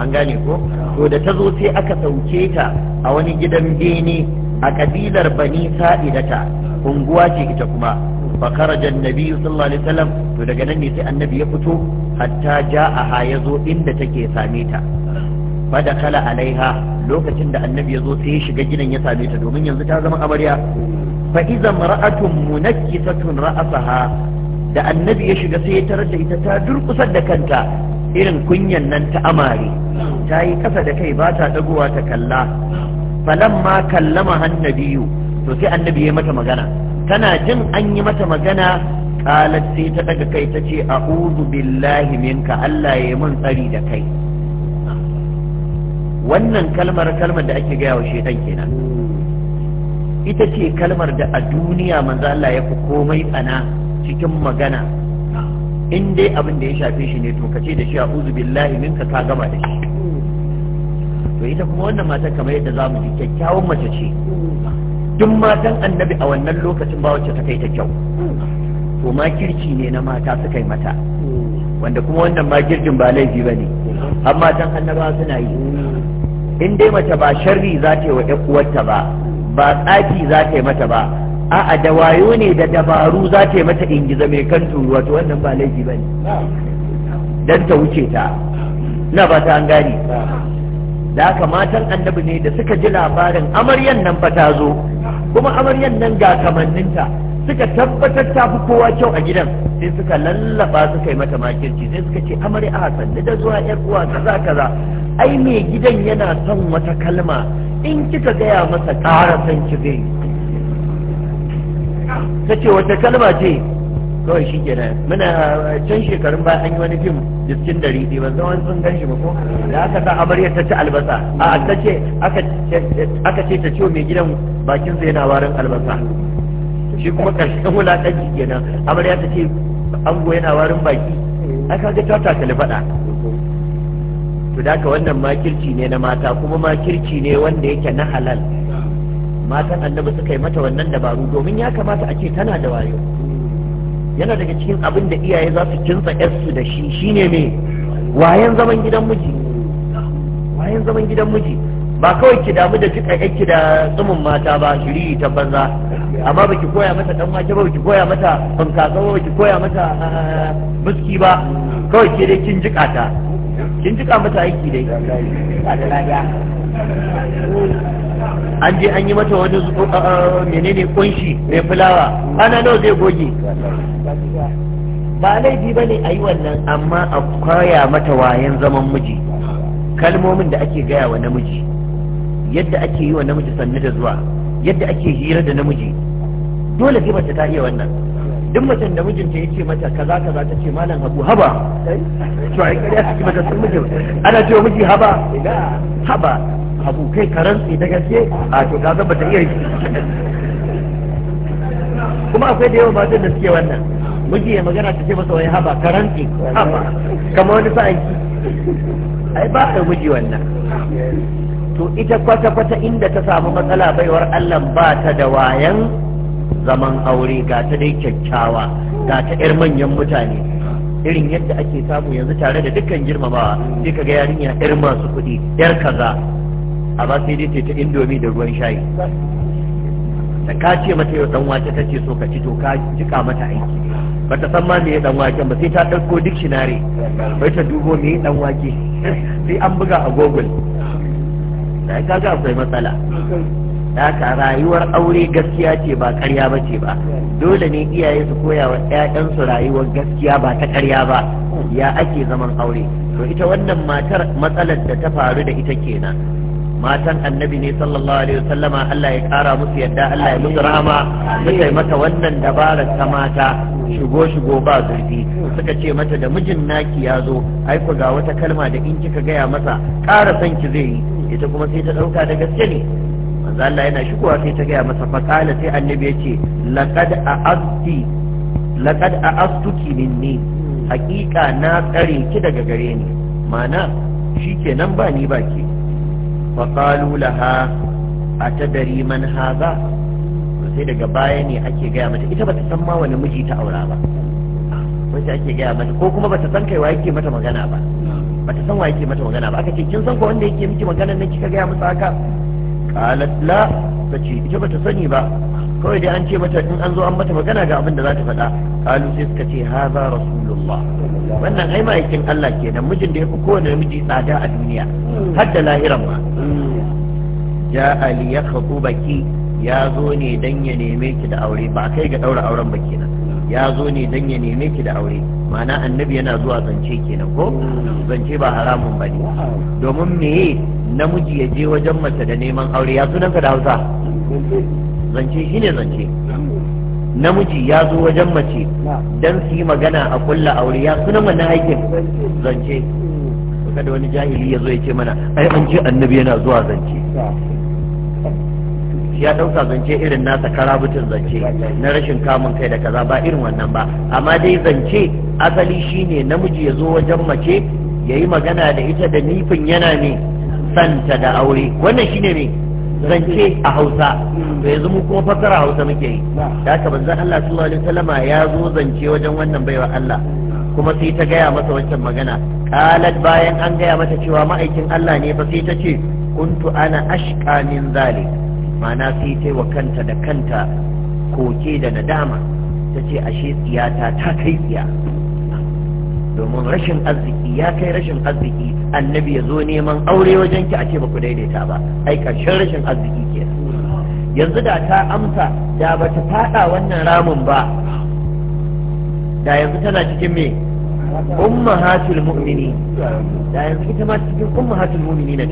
an gane ko to da ta zo sai aka sauke ta a wani gidan bene a kabilar bani sa'idata unguwa ce ita kuma fa kharaja annabi sallallahu alaihi wasallam to daga nan ne sai annabi ya fito hatta ja a ja'aha zo inda take same ta fa kala alaiha lokacin da annabi ya zo sai ya shiga gidan ya same ta domin yanzu ta zama amarya fa iza mar'atun munakkisatun ra'asaha da annabi ya shiga sai ya tarar da ita ta durkusar da kanta irin kunyan nan ta amare ta yi kasa da kai ba ta dagowa ta kalla ma kallama hannabiyu to sai annabi ya mata magana tana jin an yi mata magana qalat sai ta ɗaga kai ta ce a'udhu billahi minka Allah ya mun tsari da kai wannan kalmar kalmar da ake gaya wa shedan kenan ita ce kalmar da a duniya manzo Allah ya fi komai tsana cikin magana in dai abin da ya shafe shi ne to ka ce da shi a'udhu billahi minka ka gama da shi to ita kuma wannan mata kamar yadda zamu ji kyakkyawan mace ce duk matan annabi a wannan lokacin ba wacce ta kai ta kyau to ma kirki ne na mata suka yi mata wanda kuma wannan ma girgin ba laifi ba ne amma matan annaba suna yi in dai mace ba sharri za ta yi wa uwarta ba ba tsaki za ka yi mata ba a'a da wayo ne da dabaru za ka yi mata ingiza mai kan turuwa to wannan ba laifi ba ne don ta wuce ta na ba ta an gani da haka matan annabi ne da suka ji labarin amaryan nan ba ta zo kuma amaryan nan ga kamanninta suka tabbatar ta fi kowa kyau a gidan sai suka lallaba suka yi mata makirci sai suka ce amarya a sannu da zuwa yar uwa kaza kaza ai mai gidan yana son wata kalma in kika gaya masa ƙara san ki zai ta ce wata kalma ce kawai shi kenan muna can shekarun ba an yi wani fim jiskin dari ɗi ban zama sun gan shi ba ko da aka sa amarya ta ci albasa a ta ce aka ce ta ciwo mai gidan bakin zai na warin albasa shi kuma karshen wulakanci kenan amarya ta ce ango yana warin baki ai kaga ta ta faɗa to da wannan makirci ne na mata kuma makirci ne wanda yake na halal matan annabi suka yi mata wannan dabaru domin ya kamata a ce tana da wayo yana daga cikin abin da iyaye za su kinsa su da shi shine ne wayan zaman gidan miji wayan zaman gidan miji ba kawai ki damu da jika yanki da tsumin mata ba shiri ta banza amma baki koya mata dan wake ba baki koya mata fanka ba baki koya mata ah, miski ba kawai ke dai kin jika ta kin jika mata aiki dai an je an yi mata wani uh, uh, menene kunshi mai fulawa ana nawa zai goge ba laifi ba ne a yi wannan amma a koya mata wayan zaman miji kalmomin da ake gaya wa namiji yadda ake yi wa namiji sannu da zuwa yadda ake hira da namiji dole sai mace ta iya wannan duk macen da mijinta ya ce mata kaza kaza ta ce malam abu haba to ai kariya take mata sun mijin ana cewa miji haba haba abu kai karantsi da gaske a to ka zaba ta iya kuma akwai da yawa mata da suke wannan miji ya magana ta ce masa wai haba karantsi haba kamar wani sa'anki ai ba ka miji wannan to ita kwata-kwata inda ta samu matsala baiwar Allah ba ta da wayan zaman aure ga ta dai kyakkyawa ga ta 'yar manyan mutane irin yadda ake samu yanzu tare da dukkan girmamawa sai ka ga yarinya 'yar masu kuɗi 'yar kaza a ba sai dai ta indomi da ruwan shayi da ka ce mata yau dan wake ce so ka ci to ka jika mata aiki ba ta san ma me dan waken ba sai ta ɗauko dictionary bai ta dubo me dan wake sai an buga a google da ka ga akwai matsala haka rayuwar aure gaskiya ce ba karya ba ce ba dole ne iyaye su koya wa 'ya'yansu rayuwar gaskiya ba ta karya ba ya ake zaman aure to ita wannan matar matsalar da ta faru da ita kenan matan annabi ne sallallahu alaihi wasallama Allah ya kara musu yadda Allah ya musu rama. suka yi mata wannan dabarar ta mata shigo shigo ba zurfi suka ce mata da mijin naki ya zo ai ga wata kalma da in kika gaya masa ƙara sanki zai yi ita kuma sai ta ɗauka da gaske ne manzo Allah yana shigowa sai ta gaya masa faqala sai annabi yace laqad a'asti laqad a'astuki minni haqiqa na tsare ki daga gare ni mana shikenan ba ni ba ke faqalu laha atadari man haza sai daga baya ne ake gaya mata ita bata san ma wani miji ta aura ba wacce ake gaya mata ko kuma bata san kai wa yake mata magana ba bata san wa yake mata magana ba aka ce kin san ko wanda yake miki magana ne kika gaya masa haka qalat la tace ita bata sani ba kawai dai an ce mata in an zo an mata magana ga abin da za ta faɗa qalu sai suka ce hadha rasulullah wannan ai ma'aikin Allah kenan mijin da yafi kowane miji tsada a duniya har da lahiran ma ja'a li yakhubu baki ya zo ne dan ya neme ki da aure ba kai ga ɗaura auren ba kenan ya zo ne don ya neme ki da aure ma'ana annabi yana zuwa zance kenan ko zance ba haramun ba ne domin me namiji ya je wajen mace da neman aure ya ka da hausa zance shi ne zance namiji ya zo wajen mace don su yi magana a kulla aure ya sunan wannan aikin zance kada wani jahili ya zo ya ce mana ai an ce annabi yana zuwa zance ya ɗauka zance irin nasa karabutin zance na rashin kamun kai da kaza ba irin wannan ba amma dai zance asali shine namiji ya zo wajen mace ya yi magana da ita da nifin yana ne santa da aure wannan shine ne zance a hausa to yanzu mu kuma fassara hausa muke yi da haka zan Allah sallallahu alaihi wasallama ya zo zance wajen wannan baiwa Allah kuma sai ta gaya masa wancan magana qalat bayan an gaya mata cewa ma'aikin Allah ne ba sai ta ce kuntu ana ashka min zalik mana sai ta wa kanta da kanta koke da nadama ta ce ashe tsiyata ta kai tsiya domin rashin arziki ya kai rashin arziki annabi ya zo neman aure wajen ki a ce ba daidaita ba ai karshen rashin arziki ke yanzu da ta amsa da bata ta fada wannan ramin ba da yanzu tana cikin me ummahatul mu'mini da yanzu ita ma cikin ummahatul mu'mini na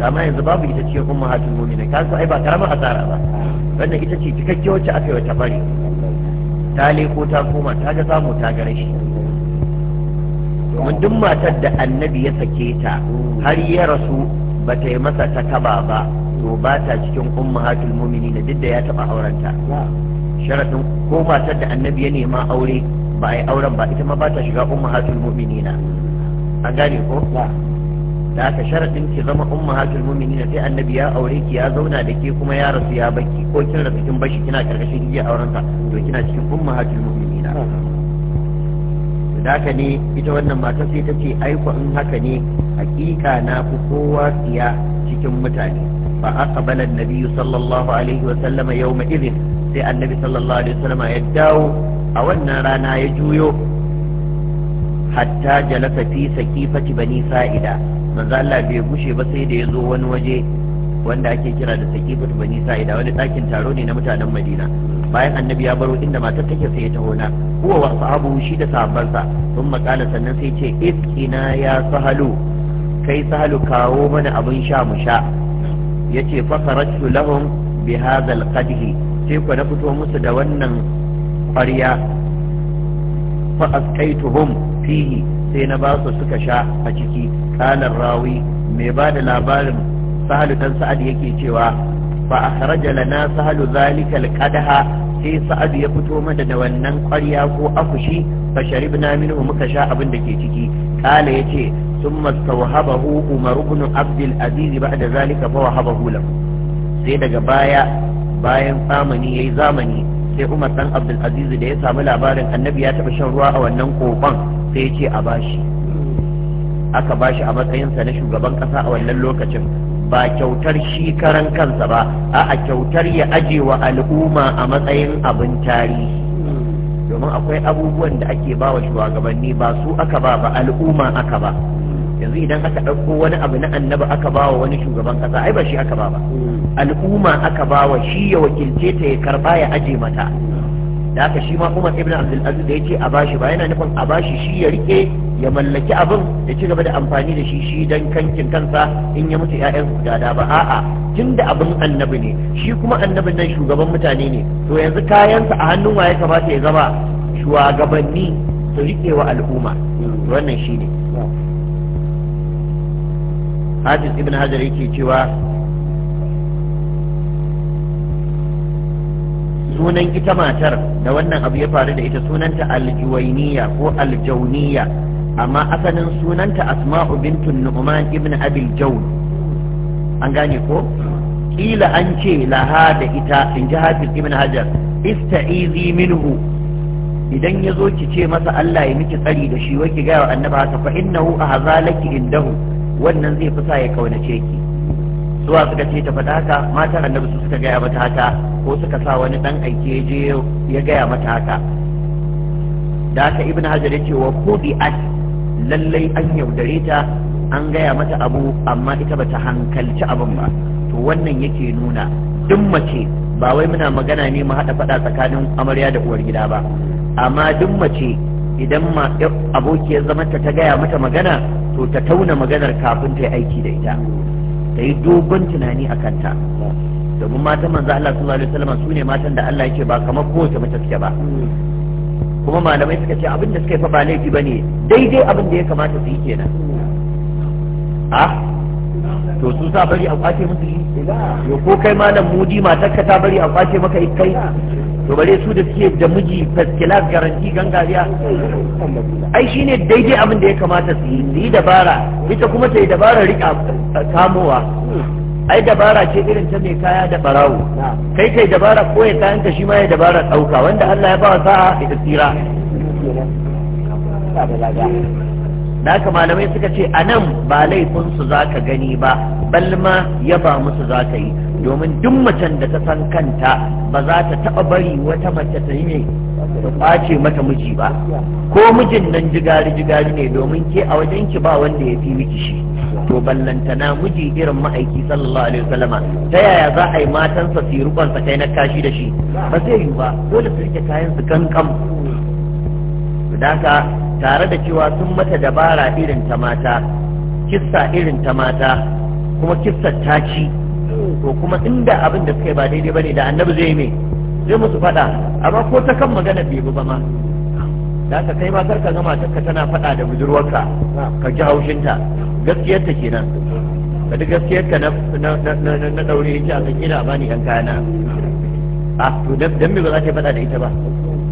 Da ma yanzu babu ita ce ummahatul mu'mini ka so ai ba karamar asara ba wannan ita ce cikakke wacce aka yi wata bari ta leko ta koma ta ga samu ta ga rashi domin duk matar da annabi ya sake ta har ya rasu ba ta yi masa ta kaba ba to ba ta cikin ummahatul mu'mini da duk da ya taba aurenta sharadin ko matar da annabi ya nema aure ba a yi auren ba ita ma ba ta shiga ummahatul mu'minina an gane ko da aka sharadin ki zama ummahatul mu'minina sai annabi ya aure ki ya zauna da ke kuma ya rasu ya baki ko kin rasu kin bashi kina karkashin iya auren sa to kina cikin ummahatul mu'minina da haka ne ita wannan matar sai ta ce aiko in haka ne hakika na ku kowa tsiya cikin mutane sallallahu alaihi wa sallama عليه وسلم sai annabi sallallahu alaihi wa sallama ya dawo. a wannan rana ya juyo hatta jalasa fi sakifati bani sa'ida manzo Allah bai gushe ba sai da ya zo wani waje wanda ake kira da sakifatu bani sa'ida wani ɗakin taro ne na mutanen Madina bayan annabi ya baro inda matar take sai ya taho na huwa wa sahabu shi da sahabbansa sun makala sannan sai ce iskina ya sahalu kai sahalu kawo mana abin sha mu sha yace fa faratu lahum bi hadha al sai ku na fito musu da wannan ƙwarya fa asqaituhum fihi sai na ba su suka sha a ciki kalar rawi mai ba da labarin sahalu dan sa'ad yake cewa fa akhraja lana sahalu zalika alqadaha sai sa'ad ya fito mana da wannan ƙwarya ko afushi fa sharibna minhu muka sha abin da ke ciki kala yace ثم استوهبه عمر بن عبد العزيز بعد ذلك فوهبه له sai daga baya bayan zamani yayi zamani sai Umar dan Abdul Aziz da ya samu labarin annabi ya taɓa shan ruwa a wannan kofan sai ya ce a bashi aka bashi a matsayinsa na shugaban ƙasa a wannan lokacin ba kyautar shi karan kansa ba a kyautar ya aje wa al'umma a matsayin abin tarihi domin akwai abubuwan da ake ba wa shugabanni ba su aka ba ba al'umma aka ba yanzu idan aka ɗauko wani abu na annaba aka ba wa wani shugaban ƙasa ai ba shi aka ba ba al'umma aka ba wa shi ya wakilce ta ya karba ya aje mata da aka shi ma kuma ibn Abdul Aziz da yace a bashi ba yana nufin a bashi shi ya rike ya mallaki abin ya ci gaba da amfani da shi shi dan kankin kansa in ya mutu ƴaƴan su gada ba a'a tunda abin annabi ne shi kuma annabin nan shugaban mutane ne to yanzu kayansa a hannun waye kamata ya zama shugabanni su rike wa al'umma wannan ne. hafiz ibn hajar yake cewa sunan ita matar da wannan abu ya faru da ita sunanta aljuwainiya ko aljauniya amma asalin sunanta asma'u bintun nu'man ibn abil an gane ko kila an ce laha da ita in ji hafiz ibn hajar ista'izi minhu idan ya zo ki ce masa Allah ya miki tsari da shi wa ki gaya wa annabi haka fa innahu ahzalaki indahu wannan zai fi sa ya kaunace ki zuwa suka ce ta faɗa haka matan annabi su suka gaya mata haka ko suka sa wani ɗan aiki ya je ya gaya mata haka da haka ibnu hajar ya ce wa at lallai an yaudare ta an gaya mata abu amma ita bata hankalci abin ba to wannan yake nuna duk mace ba wai muna magana ne mu haɗa faɗa tsakanin amarya da uwar gida ba amma duk mace idan ma eh, abokiyar zamanta ta gaya mata magana to ta tauna maganar kafin ta yi aiki da ita ta yi dogon tunani a kanta domin matan manzo Allah sallallahu alaihi wasallam su ne matan da Allah yake ba kamar kowace mace take ba kuma malamai suka ce abin da suka yi fa ba laifi bane daidai abin da ya kamata su yi kenan a to su sa bari a kwace musu shi ko kai malam mudi ka ta bari a kwace maka kai to bare su da suke da miji faskilas garanti gangariya ai shine daidai abin da ya kamata su yi yi dabara ita kuma ta yi dabara rika kamowa ai dabara ce irin ta mai kaya da barawo kai kai dabara ko ya ka shi ma ya dabara ɗauka wanda Allah ya ba wa sa'a da tsira da haka malamai suka ce a nan ba laifin su za ka gani ba balma yaba musu za ka yi domin duk macen da ta san kanta ba za ta taɓa bari wata mace ta yi ne ta ɓace mata miji ba ko mijin nan jigari jigari ne domin ke a wajen ba wanda ya fi miki shi to ballantana miji irin ma'aiki sallallahu alaihi wasallama ta yaya za a yi matansa su yi rubansa kai na kashi da shi ba zai yi ba dole su rike kayan su kankan tare da cewa sun mata dabara irin ta mata kissa irin ta mata kuma kissa ta ci to kuma inda abin da suka yi ba daidai bane da annabi zai yi zai musu faɗa amma ko ta kan magana bai bi ba ma da ka kai ma karka gama ta tana faɗa da budurwarka ka ji haushinta gaskiyarta kenan ka duk gaskiyarka na na daure ya ce a kan ina bani yan kayana a ah, to dan me ba za ta faɗa da ita ba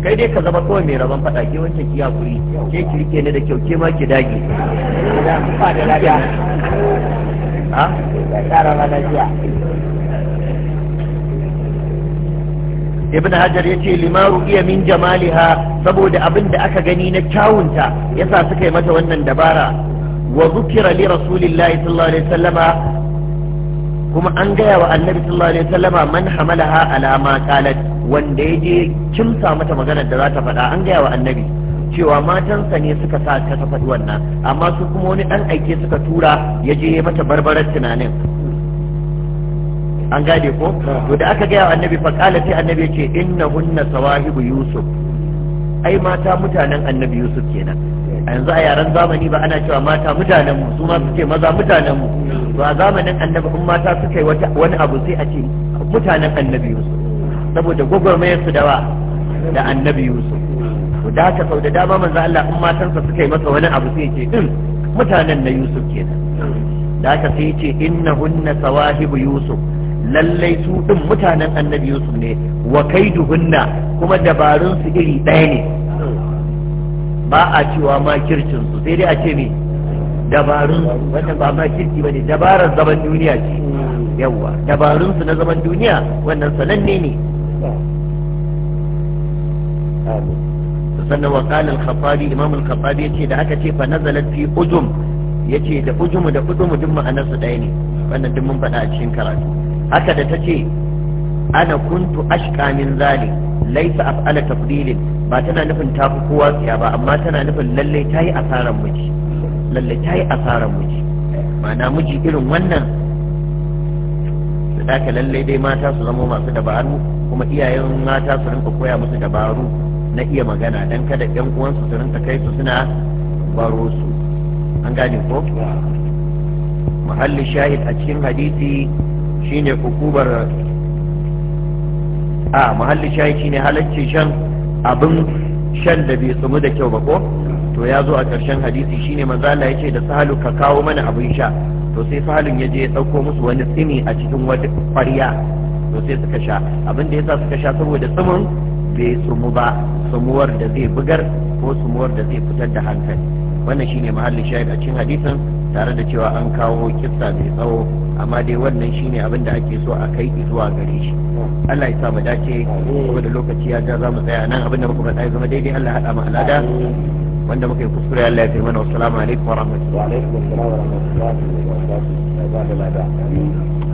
kai dai ka zama kawai mai rabon faɗa ke wancan ki hakuri ke ki ne da kyau ke ma ki dage ha jiya ibn hajar ya ce limaru iya min jamaliha saboda abin da aka gani na kyawunta yasa suka yi mata wannan dabara wa zukira li rasulillahi sallallahu alaihi wasallama kuma an gaya wa annabi sallallahu alaihi wasallama man hamalaha ala ma qalat wanda ya je kimsa mata maganar da za ta faɗa an gaya wa annabi cewa matansa ne suka sa ta ta faɗi wannan amma su kuma wani ɗan aike suka tura ya je mata barbarar tunanin an gade ko to da aka gaya annabi fa kala sai annabi ce inna hunna sawahibu yusuf ai mata mutanen annabi yusuf kenan a yanzu a yaren zamani ba ana cewa mata mutanen mu su ma suke maza mutanen mu to a zamanin annabi kuma mata suka yi wani abu sai a ce mutanen annabi yusuf saboda gwagwarmayar su dawa da annabi yusuf da haka sau da dama manzo Allah in matarsa suka yi masa wani abu sai ce din hmm, mutanen na Yusuf kenan da haka sai ce innahunna sawahibu Yusuf lallai su din mutanen annabi Yusuf ne wa kaiduhunna kuma dabarun su iri ɗaya ne ba a cewa ma kirkin su sai dai a ce me dabarun wannan ba ma kirki bane dabarar zaman duniya ce yawa dabarun su na zaman duniya wannan sananne ne -huh. sannan wa qala al khafari imam al-khattabi yace da aka ce fa nazalat fi ujum yace da ujumu da ujumu duk ma'anar su ɗaya ne wannan duk mun faɗa a cikin karatu haka da tace ana kuntu ashqa min zalik laysa af'ala tafdilin ba tana nufin ta fi kowa tsiya ba amma tana nufin lalle ta yi asaran miji lalle ta yi asaran miji ma'ana miji irin wannan su daka lalle dai mata su zama masu dabaru kuma iyayen mata su rinka koya musu dabaru na iya magana dan kada yan uwansu su rinka kai su suna baro su an gane ko mahalli shahid a cikin hadisi shine hukubar a mahalli shahid shine halacci shan abin shan da bai tsumu da kyau ba ko to ya zo a ƙarshen hadisi shine manzo Allah yace da sahalu ka kawo mana abin sha to sai sahalun ya je ya dauko musu wani tsimi a cikin wani ƙwarya to sai suka sha abin da ya sa suka sha saboda tsumin. bai tsumu ba tsumuwar da zai bugar ko tsumuwar da zai fitar da hankali wannan shine mahallin shahid a cikin hadisin tare da cewa an kawo kissa mai tsawo amma dai wannan shine abin da ake so a kai zuwa gare shi Allah ya sa mu dace kuma da lokaci ya ja za mu tsaya nan abin da muka faɗa zama daidai Allah ya haɗa mu alada wanda muka yi kuskure Allah ya fi mana wassalamu alaikum wa rahmatullahi wa alaikum assalam wa rahmatullahi wa barakatuh